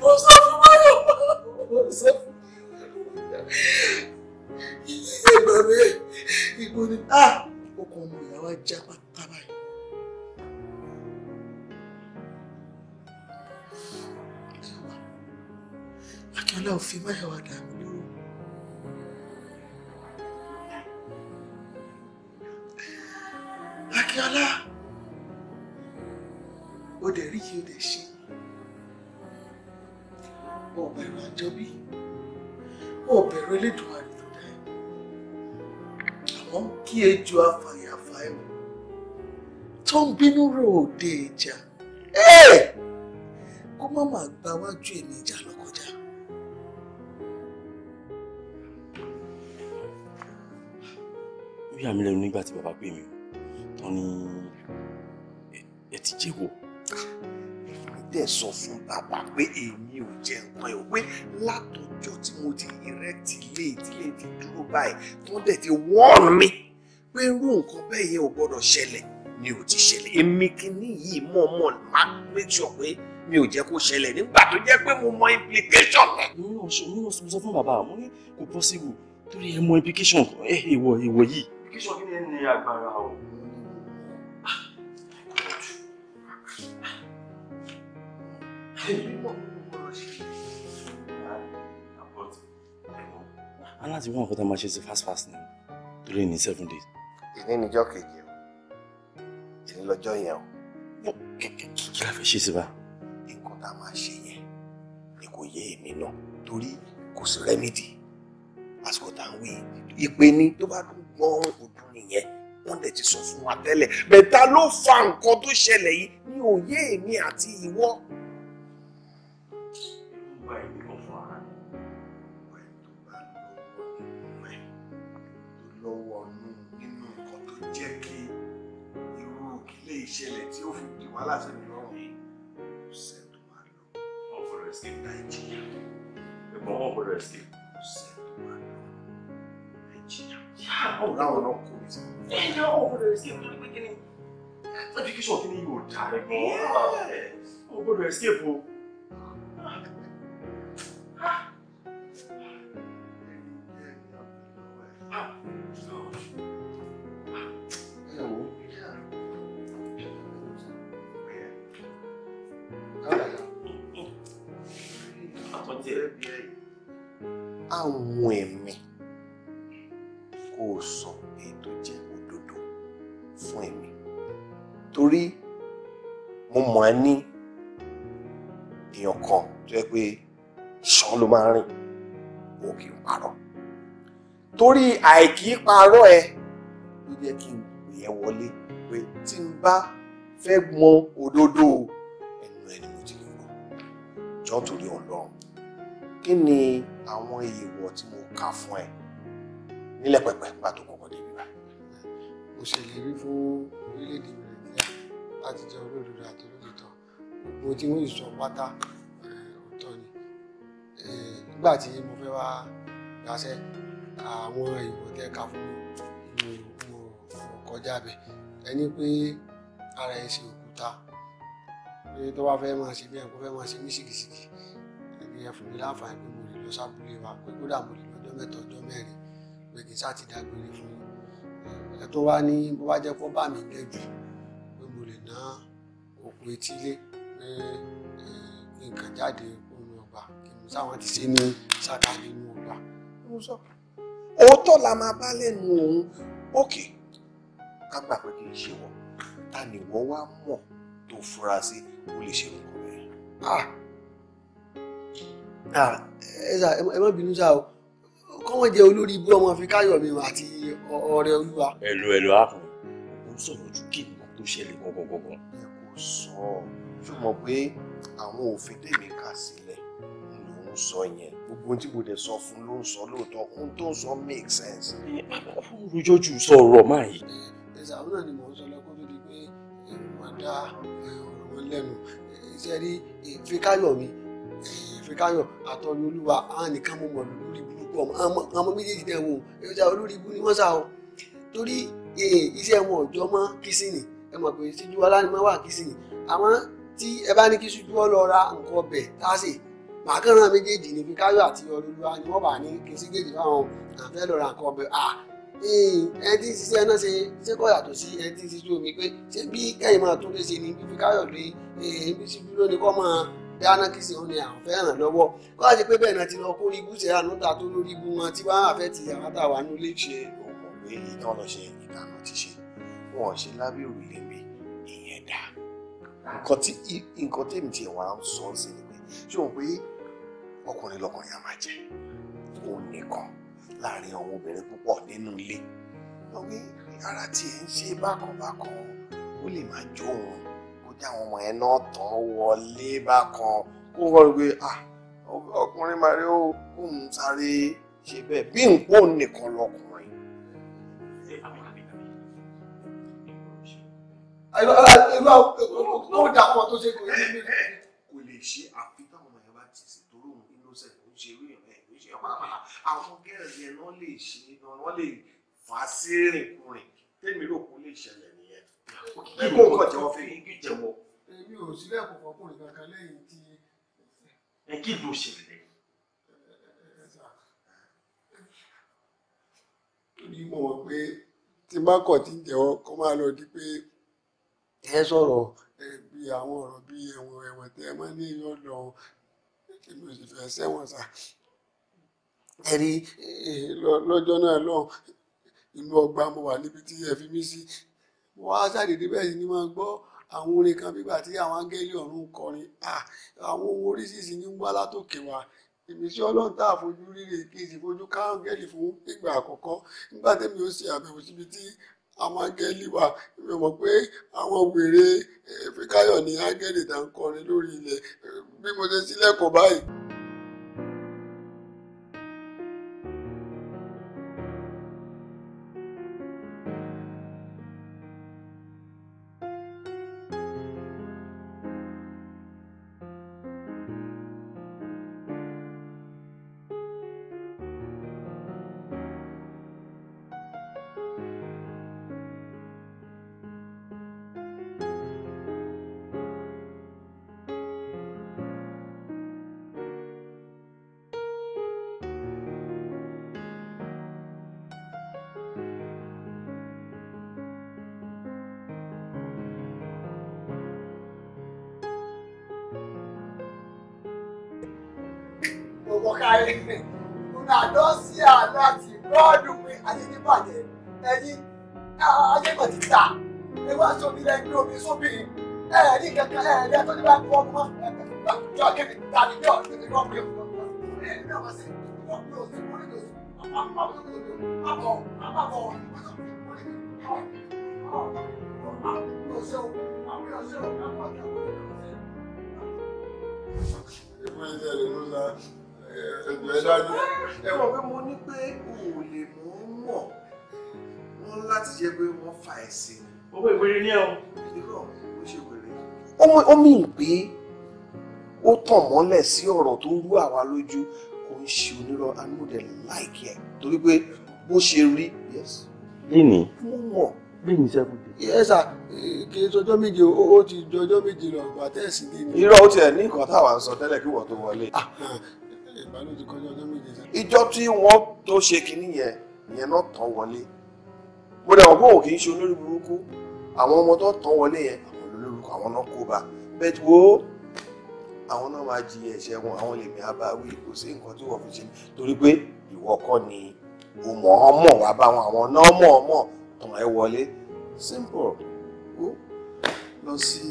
mo sọ fún máyọ̀wá o mo sọ fún máyọ̀wá o ẹ gbà mí igbó ni ah! ọkàn ọmọ ìyá wa já pátá báyìí. akínọlá ò fi máyàwá dà mí lóró. akínọlá ó dẹ̀ rí yìí ó dẹ̀ ṣe ọ̀bẹ̀rù àjọbí ọ̀bẹ̀rù elédùn àná tó ń kí ejò afàyàfà ẹ̀wò tó ń bínú rò òde ìjà kó má má gba wájú èmi ìjà lọ kọjá. ó yà mí lẹ́nu nígbà tí bàbá pè mí tán ni ẹ ti jẹ́wọ́ dẹ̀ sọ fún bàbá pé èmi ò jẹ nǹkan ẹ̀ pé látọjọ́ tí mo ti erect ilé ìdílé ti dúró báyìí tí wọ́n dẹ̀ ti warn mi pé irú nǹkan bẹ́ẹ̀ yẹn ò gbọ́dọ̀ ṣẹlẹ̀ ni ò ti ṣẹlẹ̀ èmi kìíní yìí mọ̀ọ́mọ̀ má make sure pé mi ò jẹ́ kó ṣẹlẹ̀ nígbà tó jẹ́ pé mo mọ implication rẹ̀. mo ní ọ̀ṣọ́ mo ní ọ̀ṣọ́ sọ fún bàbá mo ní kò possible torí ẹ mọ implication ẹ ìwọ ìwọ yìí. implication kí ni aláti wọ́n nǹkan tá a máa ṣe sí fast fast ni torí in seven days. ìní níjọ́ kejì o ìní lọ́jọ́ yẹn o. kí la fẹ́ ṣe sí bá. nǹkan tá a máa ṣe yẹn ni kò yé èmi náà torí kò sí rẹ́mídì àsìkò tá à ń wí ìpè ní tó bá dùn gbọ́n ọdún nìyẹn wọ́n dẹ̀ ti sọ fún wa tẹ́lẹ̀ bẹ̀ta ló fa nǹkan tó ṣẹlẹ̀ yìí ní òye èmi àti ìwọ fúnra ẹni tó bá lọ́wọ́ nínú ẹ̀ tó lọ́wọ́ nínú nǹkan tó jẹ́ kí irú ilé ìṣẹ̀lẹ̀ tí ó fi di wàhálà sẹ́mi lọ́rùn yìí kò sẹ́ni tó máa lọ. wọn kò rẹ̀ sí nàìjíríà ẹ̀gbọ́n wọn kò rẹ̀ sí. kò sẹ́ni tó máa lọ nàìjíríà. láwọn náà kò ní sí. ẹ̀yà wọn ni education kí ni yóò dá ẹ̀gbọ́n wọn kò rẹ̀ torí àìkí parọ́ ẹ ló jẹ́ kí n pè ẹ́ wọlé pé tí n bá fẹ́ mọ òdodo ẹnu ẹ ni mo ti lè gbọ́ jọ torí ọlọ́run kí ni àwọn èèwọ̀ tí mo kà fún ẹ nílẹ̀ pẹ̀pẹ̀ nígbà tó kọ́kọ́ débi bá. mo ṣèlérí fún orílẹ̀-èdè nàìjíríà láti jẹ́ olódodo àti olótìtọ́ gbogbo tí wọ́n sọ pátá òótọ́ ni nígbà tí mo fẹ́ wá gbàṣẹ́ àwọn ìwọ̀n tẹ́ ká fún mi mo kọjá bẹ̀ ẹni pé ara ẹ̀ ṣe òkúta pé tó bá fẹ́ máa ṣe bí ẹ̀kọ́ fẹ́ máa ṣe mí ṣìkìṣìkì ẹ̀bí ẹ̀ fún mi láǹfààní pé mo lè lọ sábúlé wa pé kódà mo lè lọ ọjọ́ mẹ́ta ọjọ́ mẹ́rin pé kì í sá ti dágbére fún mi ẹ tó wá ní bó bá jẹ́ kó bà mí lẹ́jù pé mo lè ná òkú etílé pé nǹkan jáde nínú ọgbà kí n sáwọn ti ṣe ní sáká nínú ọgbà òótọ́ la máa bá lẹ́nu òun ókè ká gbà pé kì í ṣe wọ́n ta ni wọ́n wá mọ̀ tó fura sí ó lè ṣe nǹkan rẹ̀. ẹ má bínú sáà o kọ́wọ́n jẹ́ olórí ibú ọmọ fi káyọ̀mí àti ọ̀rẹ́ olúwa. ẹ̀lò ẹ̀lò ààrùn ò ń sọ̀rọ̀ ju kí nǹkan tó ṣẹlẹ̀ gbọ̀ngbọ̀ngbọ̀n. ẹ kò sọ ṣùgbọ́n pé àwọn òfin tèmi kà sílẹ̀ ló ń sọ yẹn gbogbo ohun tí mo dẹ̀ sọ fún ló ń sọ lóòótọ́ ohun tó ń sọ make sense. fún rojọ́ jù sọ̀rọ̀ máa yìí. ẹ̀sà àwọn náà ni mò ń sọ lọ́kọ́ tó di pé wọ́n dá ọ̀rọ̀ wọn lẹ́nu ṣe rí ìfikáyọ̀ mi ìfikáyọ̀ àtọ́ni olúwa àwọn nìkan mo mọ̀ lórí burúkú ọmọ ọmọ méjèèjì náà wò ẹ̀sà olórí ibú ni wọ́n sà o torí iṣẹ́ wọn ọ̀jọ́ mọ́ kìsìnì ẹ mọ̀ pé síjú ọlá ni wọ́n wà kìsìnì àmọ́ tí ẹ bá ní kí síjú ọ lọ ra nǹkan ọbẹ̀ tá a sè màkàrán méjèèjì ní Fíkáyọ̀ àti Ọlọ́lúwa ni wọ́n bá ní kí n sí gèjì fáwọn àfẹ́ lọ́ra nǹkan ọbẹ̀ à ẹ ti ṣiṣẹ́ náà ṣe ṣé kọ́ yàtọ̀ sí ẹ ti ṣiṣẹ́ omi pé ṣé bí kẹ́yìn máa tún lè ṣe ní Fíkáyọ̀ lé ẹbí síbi lónìí kọ́ máa dáná kí sí òun ni àwọn fẹ́ràn lọ́wọ́ kọ́ àti pé bẹ́ẹ̀ náà ti lọ kó rí ibú ṣe àánú ta tó lórí ibú wọn tí wọ́n á fẹ́ ti àwọn táwa nílé ṣe òkò pé ìtàn lọ ṣe ìdáná ti ṣe wọn ṣe lábẹ́ òrùlé mi ìyẹn dá nǹkan tí nǹkan tèmi tiẹ̀ sọ ọ́ sí ni pé ṣé òun pé ọkùnrin lọkùnrin á máa jẹ òun nìkan láàrin àwọn obìnrin púpọ̀ nínú ilé lọ pé ara tí ẹ ń ṣe bákanbákan ó lè máa jó òun kó jẹ́ àwọn ọmọ ẹ náà tán wọlé bákan kó wọ́n rí pé ah ọkùnrin máa rí ó kó ń sáré ṣe bẹ́ẹ̀ bí nǹkan nìkan lọkùnrin. irú àwọn ọkùnrin tó dà pọ̀ tó ṣe kò lè ṣe àpò. àwọn gẹ́rẹ́ yẹn wọ́n lè ṣe é gan wọ́n lè fà á sí rìnkùnrin tèmi rò kó lè ṣẹlẹ̀ nìyẹn kíkó nǹkan jẹ́wọ́ fi kí jẹ́wọ́. èmi ò sílẹ̀ kò fọkùnrin kankan lẹ́yìn tí. ẹ kí ló ṣẹlẹ̀. torí mo mọ̀ pé tí má kọ̀ tí ń jẹ́wọ́ kó máa lọ di pé ẹ sọ̀rọ̀ bí àwọn ọ̀rọ̀ bí ẹ̀wọ̀n ẹ̀wọ̀n tẹ́ ẹ máa ní ìyọ́ lọ èmi ò sì fẹ́ sẹ́wọ̀n sáà ẹ̀rí lọ́jọ́ náà lọ́hùn inú ọgbà mo wà níbi tí ẹ fi mí sí wọ́n á ṣàdédé bẹ́ẹ̀ ni máa gbọ́ àwọn orin kan bígbà tí àwọn áńgẹ́lì ọ̀run kọrin àwọn ohun oríṣiríṣi ní ń wá látòkè wá ìmísí ọlọ́run tá a fojú ríre kí n sì fojú ká áńgẹ́lì fún ìgbà àkọ́kọ́ nígbà tẹ́mi ó ṣe àbẹ̀wò síbi tí àwọn áńgẹ́lì wà mi mọ̀ pé àwọn wèrè Fíkáyọ̀ ní áńgẹ́lì tá ń kọrin lórí ilẹ̀ bí mo ṣe sílẹ̀kùn báyìí. kọkárẹ una dọ́sí àná àti bọ́ọ̀dù pé adédìbàjẹ́ ẹ̀yìn adébàtìta ẹ wá sóbi lẹ́yìn omi sóbi ẹ̀ ní kankan ẹ̀ ní ẹ̀tọ́ ní bá kọ́ ọmọ ẹ̀ jọ kébì tàbí jọ kébì kọ́ ọmọ yẹn ẹ̀ ní ọmọ sí ọmọ yóò sí mọ́lẹ́ yóò sí àpapọ̀ àpapọ̀ àpapọ̀ Thank you ẹgbẹ́ dájú. ẹ mọ̀ pé mo ní pé o ò lè mú mọ̀ wọn láti jẹ́ pé wọ́n fa ẹ̀sìn. owó ìwéré ní ẹ o. ìdíkọ̀ ó ṣe wèrè. ó mì ń pé ó tàn mọ́lẹ̀ sí ọ̀rọ̀ tó ń rú àwa lójú kò ń ṣe onírọ̀ anúdẹ̀ láìkẹ́ torí pé bó ṣe rí yes. lẹ́nìí. mo mọ̀ bẹ́ẹ̀ ní sẹ́kù dé. yẹ́sà kì í sọjọ́ méje ó ti jọjọ́ méje lọ gbà tẹ́sí ní. irọ́ ó tiẹ̀ ní nǹkan táwa ń sọ tẹ́lẹ̀ kí wọ́n tó wọlé. Ah, ìjọ tí wọ́n tó ṣe kínní yẹn ìyẹn náà tán wọlé mo dẹ̀ wọ́n pé òun kì í ṣe olórí burúkú àwọn ọmọ tó tán wọlé yẹn àwọn olórúkọ àwọn náà kó bá bẹ́ẹ̀ wo àwọn náà máa jiyàn ẹ̀ṣẹ̀ wọn àwọn lèmi abáwí kò sí nǹkan tí wọ́n fi ṣe torí pé ìwọ kọ́ ni o mọ̀ ọ́ mọ̀ àwọn náà mọ̀ ọ́ tàn ẹ́ wọlé simple ó lọ sí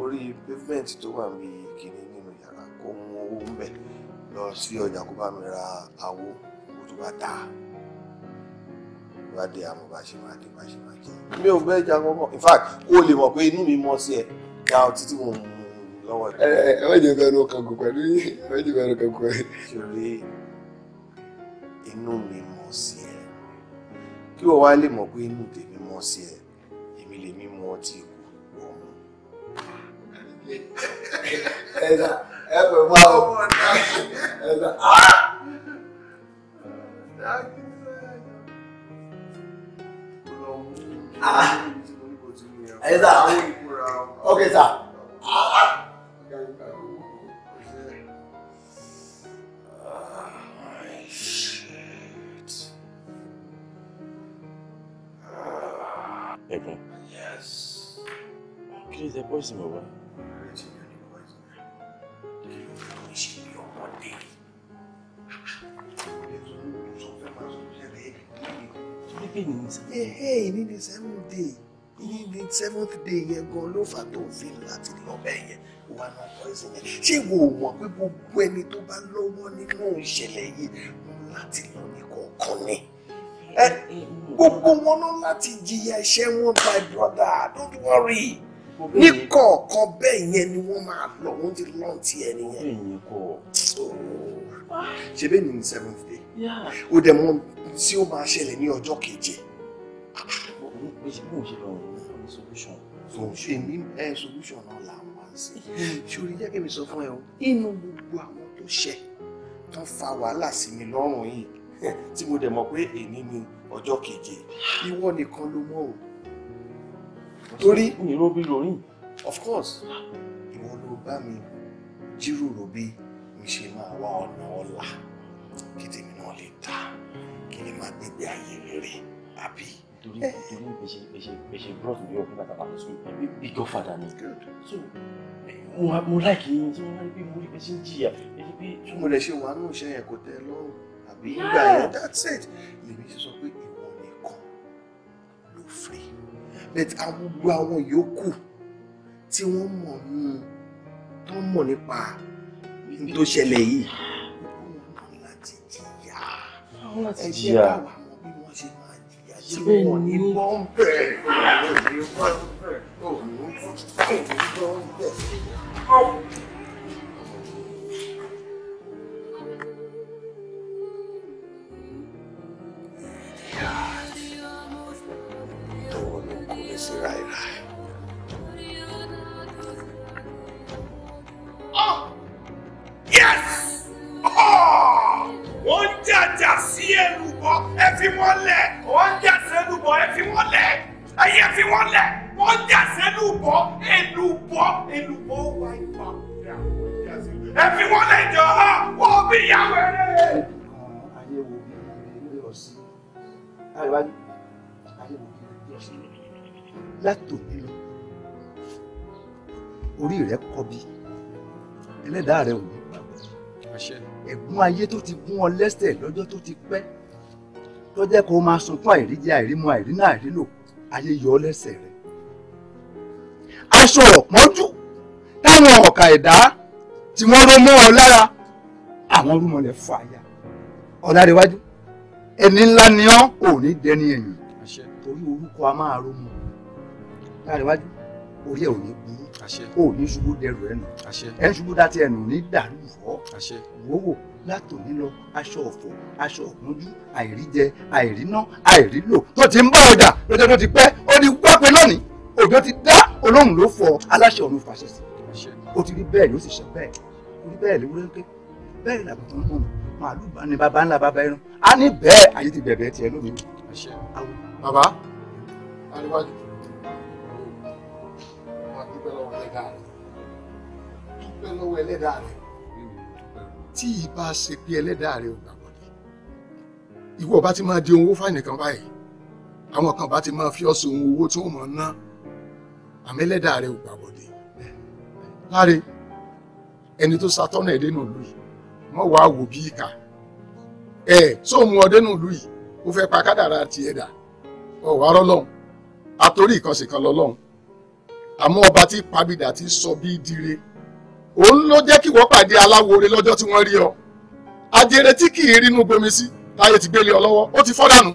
orí pavement tó wà ní kìnìún nínú yàrá kó mú owó ń bẹ̀. lọ sí ọjà kó bá mi ra awó kó tó bá bá dé àmọ́ bá ṣe máa dé bá ṣe máa jẹ mi ò bẹ́ẹ̀ jà in fact o lè mọ̀ pé inú mi sí ẹ ya ọtí tí mo mú lọ́wọ́ ẹ. pẹ̀lú yìí pẹ̀lú. inú mi sí ẹ kí wọ́n wá lè That's what my old That's ah. Uh, ah. Uh, Is that okay, sir? Ah. April. Yes. Please, that boy's ọ̀dẹ hey! èmi ni seventh day èmi ni seventh day yẹn gan ló for tó fi láti lọ bẹ́ẹ̀ yẹn wà náà poison yẹn ṣé ìwọ ò mọ̀ pé gbogbo ẹni tó bá lọ́wọ́ nínú ìṣẹ̀lẹ̀ yìí mú láti lọ ní kọ̀ọ̀kan ni gbogbo wọn náà láti jìyà ẹ̀ṣẹ̀ wọn by brother don't worry ní kọ̀ọ̀kan bẹ́ẹ̀ yẹn ni wọ́n máa lọ wọ́n ti lọ́n ti ẹ nìyẹn. ẹ̀yin kọ ṣe bẹ́ẹ̀ ni ní seventh day ó dẹ̀ mọ̀ tí ó máa ṣẹlẹ̀ ní ọjọ́ keje. èmi ẹ solution náà là ń wá sí ṣòrí jẹ́ kí mi sọ fún ẹ o inú gbogbo àwọn tó ṣẹ̀ tán fa wàhálà sí mi lọ́rùn yìí tí mo dẹ̀ mọ̀ pé èmi ni ọjọ́ keje ìwọ nìkan ló mọ̀ o torí. mi ìró of course ìwọ ló bá mi jíròrò bí mi ṣe máa wá ọ̀nà ọ̀la kí tèmi náà lè ta kí lè má gbégbé ayé rere àbí. torí torí gbèsè gbèsè gbèsè bros mi ò fún bàtà bàtà sùn bí gọ́ fàdà ni. so mo mo láìkì yín tí mo máa ń bí mo rí gbèsè ń jìyà èyí bí. mo lè ṣe wàánú iṣẹ́ yẹn kò tẹ́ lọ́rùn àbí nígbà that's it lèmi ṣe sọ pé ìwọ nìkan ló fèrè but gbogbo àwọn yòókù tí wọ́n mọ̀ ní tó mọ̀ nípa ní tó ṣẹlẹ̀ yìí wọ́n mọ̀ láti jìyà ẹgbẹ́ àwọn ọmọ bí wọ́n ṣe máa jìyà tí wọ́n ní bọ́m̀bẹ̀ ọ̀hún bọ́m̀bẹ̀ ọ̀hún bọ́m̀bẹ̀. látòní lọ orí rẹ kọbi ẹlẹ́dàá rẹ ò ní gbàgbọ́ ẹ̀gún ayé tó ti gún ọ lẹ́sẹ̀ lọ́jọ́ tó ti pẹ́ tó jẹ́ kó o máa sunkún àìríjẹ àìrímu àìrínà àìrílò ayé yọ ọ lẹ́sẹ̀ rẹ aṣọ ọ̀pọ́njú táwọn ọ̀kà ẹ̀dá tí wọ́n ró mọ́ ọ lára àwọn rúmọlẹ̀ fọ àyà ọ̀làríwájú ẹni ńlá ni ọ́ ò ní dẹni ẹ̀yìn torí orúkọ a máa ró mọ́ káríwájú orí ẹ ò ní burú ò ní ṣubú dẹrù ẹnu ẹ ṣubú dátí ẹnu ní dàrú fọ wòwò látòní lọ aṣọ ọ̀fọ̀ aṣọ ọ̀kúnjú àìríjẹ àìríná àìrílò tó ti ń bá ọjà lọ́jọ́ tó ti pẹ́ ó ní wápẹ́ lónìí òjò ti dá olóhùn ló fọ aláṣẹ ọ̀run fàṣẹ sí ó ti rí bẹ́ẹ̀ ló sì ṣe bẹ́ẹ̀ ó rí bẹ́ẹ̀ léwúrẹ́ ńké bẹ́ẹ̀ làbàtàn ń hàn màálù bá bàbá ńlá bàbá ẹran á ní bẹ́ẹ̀ ayé ti bẹ̀bẹ̀ tiẹ̀ lónìí. bàbá àríwájú ẹlẹ́dàá rẹ̀ dúpẹ́ lọ́wọ́ ẹlẹ́dàá rẹ̀ tí ìbá ṣe bí ẹlẹ́dàá rẹ̀ ò gbàgbọ́ ni ìwọ bá ti máa di owó fáìní kan báyìí àwọn kan bá ti máa fi ọ̀sùn ohun owó tí wọ́n mọ̀ ná àmì ẹlẹ́dàá rẹ̀ ò gbàgbọ́ ni láre ẹni tó ṣàtọ́nà ẹ̀ dénú ìlú yìí wọ́n wàá wò bí ìkà ẹ̀ sóòmù ọdẹ́nù ìlú yìí ó fẹ́ pa kádàrá tiẹ̀ dà ọ̀wárọ́ lọ́hùn àtòrí ìkànsìkan lọ́lọ́hùn àmọ́ ọba tí pàbídà ti sọ bíi dire òun ló jẹ́ kí wọ́n pàdé aláwòore lọ́jọ́ tí wọ́n rí ọ ajere tí kì í rínú gbomi sí táyé ti gbélé ọ lọ́wọ́ ó ti fọ́ dànù.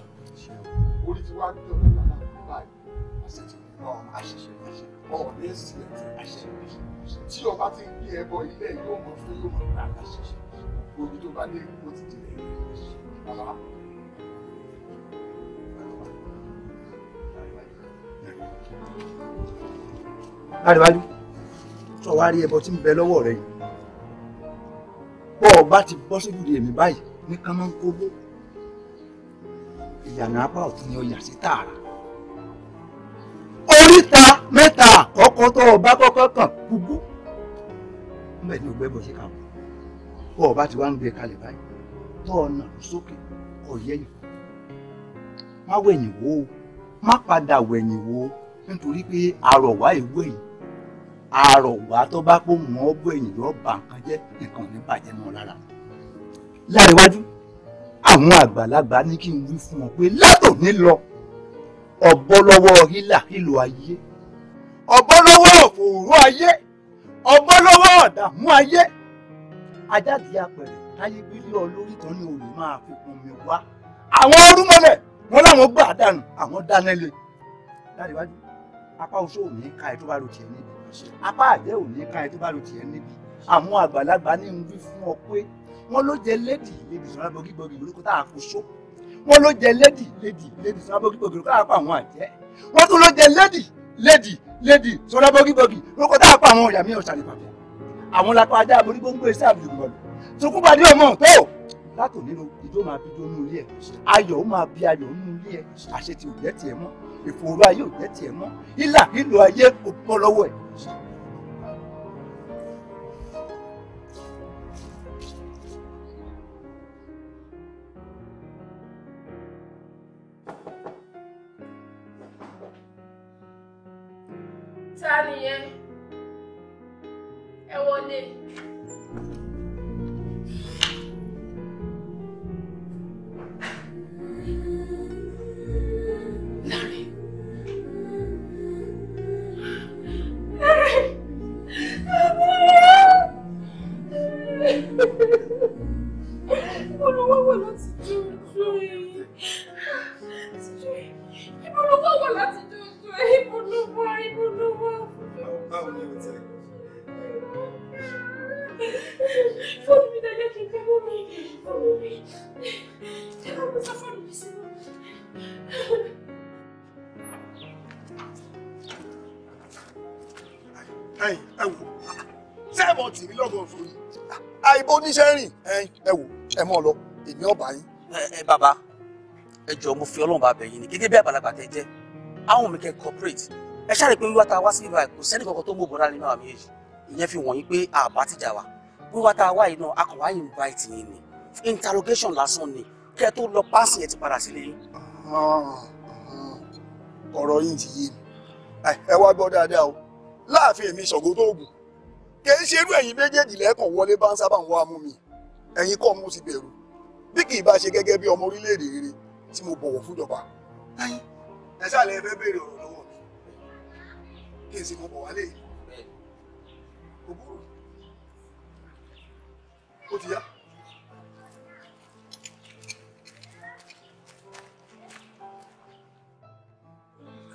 Thank you àríwájú sọ wá rí ẹbọ tí ń bẹ lọ́wọ́ rẹ yìí bọ́ ọ bá ti bọ́ síbùdó èmi báyìí ní kánmọ́nkóbó ìyànà apá ọ̀tún ni ọyà sí tààrà oríta mẹ́ta àkọ́kọ́ tó o bá kọ́kọ́ kàn gbogbo níbẹ̀ ni ògbẹ́ bọ̀ sí kàwọn bọ́ ọ bá ti wá ń gbé e kalẹ̀ báyìí tọ́ ọ̀nà sókè ọ̀yẹ́yìn má wẹ̀yìn wò ó má padà wẹ̀yìn wò ó nítorí pé àrọ̀wá ìwé yìí àrọ̀wá tó bá pò mọ́ ọgbọ́ ẹ̀yìn yóò bà nǹkan jẹ́ nǹkan ní bàjẹ́ mọ́ rárá. láríwájú àwọn àgbàlagbà ní kí n wí fún ọ pé látòní lọ ọ̀bọ lọ́wọ́ hílà hílò ayé ọ̀bọ lọ́wọ́ òfòòró ayé ọ̀bọ lọ́wọ́ ọ̀dààmú ayé ajá ti apẹ̀rẹ̀ táyé gbélé ọ lórí kan ní òòlù máa fi pọn mi wá àwọn ọdún mọ́lẹ̀ wọn láwọn gbà dànù àwọn dáná lé apá oṣó ò ní ká ẹ tó bá lo tiẹ̀ níbi apá àjẹ́ ò ní ká ẹ tó bá lo tiẹ̀ níbi àwọn àgbàlagbà ní wí fún ọ pé wọ́n ló jẹ lédì lédì sọ́nà bọ́gíbọ́gì lórúkọ tá a kò só wọ́n ló jẹ lédì lédì lédì sọ́nà bọ́gíbọ́gì lórúkọ tá a kó àwọn àjẹ́ wọ́n tún ló jẹ lédì lédì lédì sọ́nà bọ́gíbọ́gì lórúkọ tá a kó àwọn ọ̀yà mi ọ̀sàlẹ̀ pàpọ̀ àwọn lakọ ajá aborígbóngbò ẹsẹ àbùjùmọ̀lù tukúbadé ọmọ tó látò nínú ìjó máa bí jó nínú ilé ẹ ayọ̀ ó máa bí ayọ̀ nínú ilé ẹ àṣetì ò tiẹ̀ mọ́ ìfòòró ayé ò jẹ́ tiẹ̀ mọ́ ìlà ìlò ayé kò bọ́ lọ́wọ́ ẹ̀. ta nìyẹn ẹ wọlé. ọba yín. ẹ ẹ bàbá ẹ jọ mo fi Ọlọ́run bá bẹ̀ yín ni gẹ́gẹ́ bí àgbàlagbà tẹ jẹ́ àwọn mi kẹ́ corporate ẹ ṣáà rí pé wíwá tá a wá sí ibà kò sẹ́ni kankan tó mú bọ́dá nínú àmì èyí ìyẹn fi wọ̀nyí pé àbá ti jà wá wíwá tá a wá yìí náà a kàn wá invite yín ni interrogation lásán ni kẹ́ tó lọ páàsì ẹ ti padà sílé yín. Ah, ọ̀rọ̀ yín ti yé mi ẹ wá gbọ́ dáadáa o láàfin èmi ṣọ̀gbọ́n tó gùn kì í ṣerú ẹ̀yin méjèèjì lẹ́ẹ̀kan wọlé bá ń sábà ń wá mi ẹ̀yin kọ́ mo sì bẹ̀rù bí kì í bá ṣe gẹ́gẹ́ bí ọmọ orílẹ̀-èdè rere tí mo bọ̀wọ̀ fúnjọba ẹ ṣàlẹ̀ ẹ ọ̀rọ̀ lọ́wọ́ mi kí n sì mọ wálé òbúrò ó ti yá.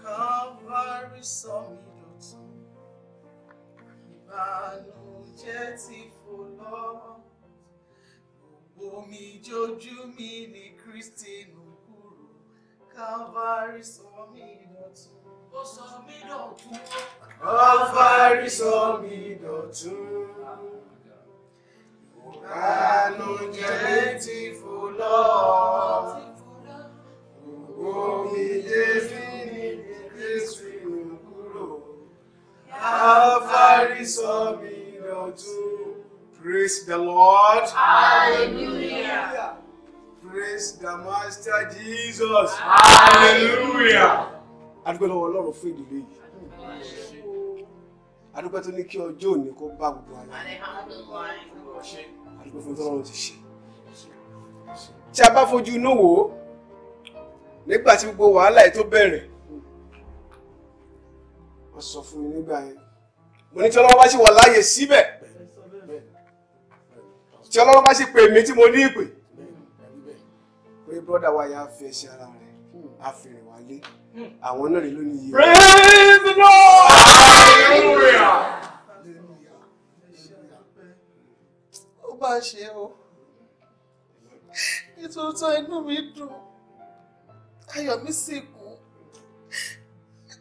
Calvary sọ mi dọ̀tun, ìbànújẹ́ ti fò lọ́wọ́. Omi ojú mi ni Kristi nù kúrò, Calvary sọ mí dọ̀tun. Ó sọ mí dọ̀tun. Calvary sọ mí dọ̀tun. Ìbánu jẹ́ ti fò lọ. Omijé fi ni Kristi nù kúrò, Calvary sọ mí dọ̀tun. Praise the Lord. Hallelujah. Praise the Master Jesus. Hallelujah. Adúgbò lọ́wọ́ Ọlọ́run fún ìdílé yìí. Adúgbò tó ní kí ọjọ́ òní kó bá gbogbo ara. Adúgbò fún tọ́lọ́run ti ṣe. Tí a bá fojú inú wò ó, nígbà tí gbogbo wàhálà yìí tó bẹ̀rẹ̀, wọ́n sọ fún mi nígbà yẹn. Mo ní tí ọlọ́wọ́ bá ṣì wà láàyè síbẹ̀ tí ọlọ́run bá sì pè mí tí mo ní ìpè pé brọ́dà wa yà á fi ara rẹ̀ á fi rìn wálé àwọn náà rí lónìí yìí. praise the lord hallelujah. ó bá a ṣe o nítòótọ́ inú mi dùn ayọ̀ mi sì kú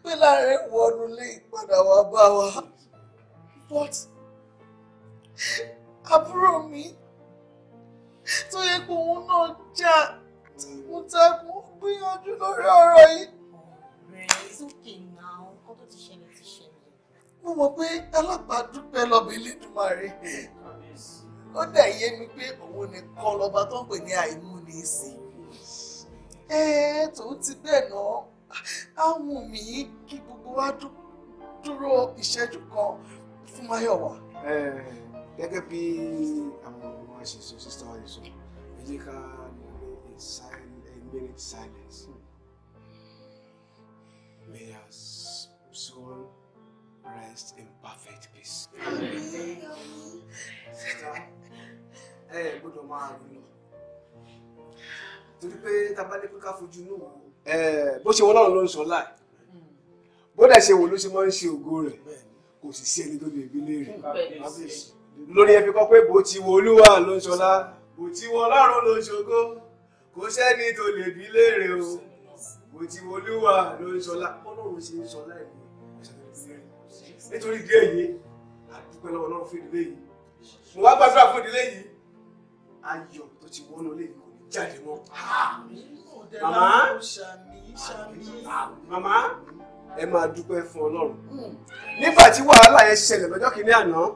pé láàrin wọnú lè padà wá bá wa but àbúrò mi tó yẹ kó òun náà jà takuntakun gbìyànjú lórí ọ̀rọ̀ yìí. ọ̀rẹ́ sókè náà nǹkan tó ti ṣẹlẹ̀ ti ṣẹlẹ̀. mo mọ̀ pé alábàádúpẹ́ lọ́bẹ Elédùmarè ó dẹ̀ yé mi pé òun nìkan lọ́ba tó ń pè ní àìmúnisì. ẹ̀ẹ́ tòun ti bẹ́ẹ̀ náà àwọn mi kí gbogbo wa dúró ìṣẹ́jú kan fún Máyọ̀wá. gẹ́gẹ́ bí àwọn ọmọ àṣìṣe sísá wa yìí sọ jẹ́ ká a minute silence. May our soul rest in perfect peace. Ẹ ẹ gbọ́dọ̀ máa ronú. Torí pé tabalẹ̀ pé ká fojú inú wo. Bó ṣe wọ́n lọ́run ló ń sọ láì. Bó dẹ̀ ṣe wò ló ṣe máa ń ṣe ògo rẹ̀. Kò sì sí ẹni tó lè gbé léèrè. Lórí ẹ fi kọ́ pé bó ti wo Olúwa ló ń sọlá. kò tí lo ọlọ́run ló ṣògo kò sẹ́ni tó lè bí o tí olúwa ló ń ṣọlá ọlọ́run ṣe ń ṣọlá ìlú nítorí ìdí èyí àdúpẹ́ lọ́wọ́ ọlọ́run fún ìdílé yìí mo wá gbàdúrà fún ìdílé yìí ayọ̀ tó ti kò ní jáde màmá ẹ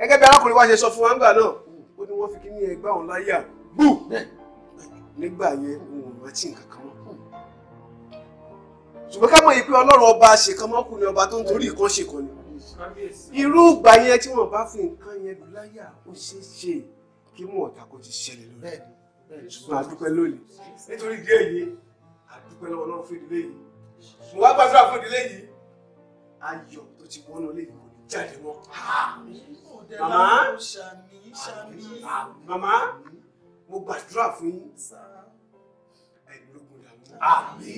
gẹ́gẹ́ bí arákùnrin wa ṣe sọ fún wa ńgbà náà ó ní wọ́n fi kíní ẹgbà òun láyà bù nígbà yẹn òun ò rántí nǹkan kan mọ́. ṣùgbọ́n ká mọ̀ yìí pé ọlọ́run ọba ṣèkánmọ́kùnrin ọba tó ń torí nǹkan ṣe ni. irú ìgbà yẹn tí wọ́n bá fi nǹkan yẹn lù láyà ó ṣeé ṣe kí mọ̀ ọ̀tà kò ti ṣẹlẹ̀ lórí. ṣùgbọ́n a dúpẹ́ lónìí nítorí ìdí èyí a dúpẹ́ lọ́wọ́ náà fún ìdílé yìí. mo wá gbàdúrà fún ìdílé yìí jáde wọn. màmá màmá mo gbàdúrà fún yín. ẹ̀gbọ́n àmì.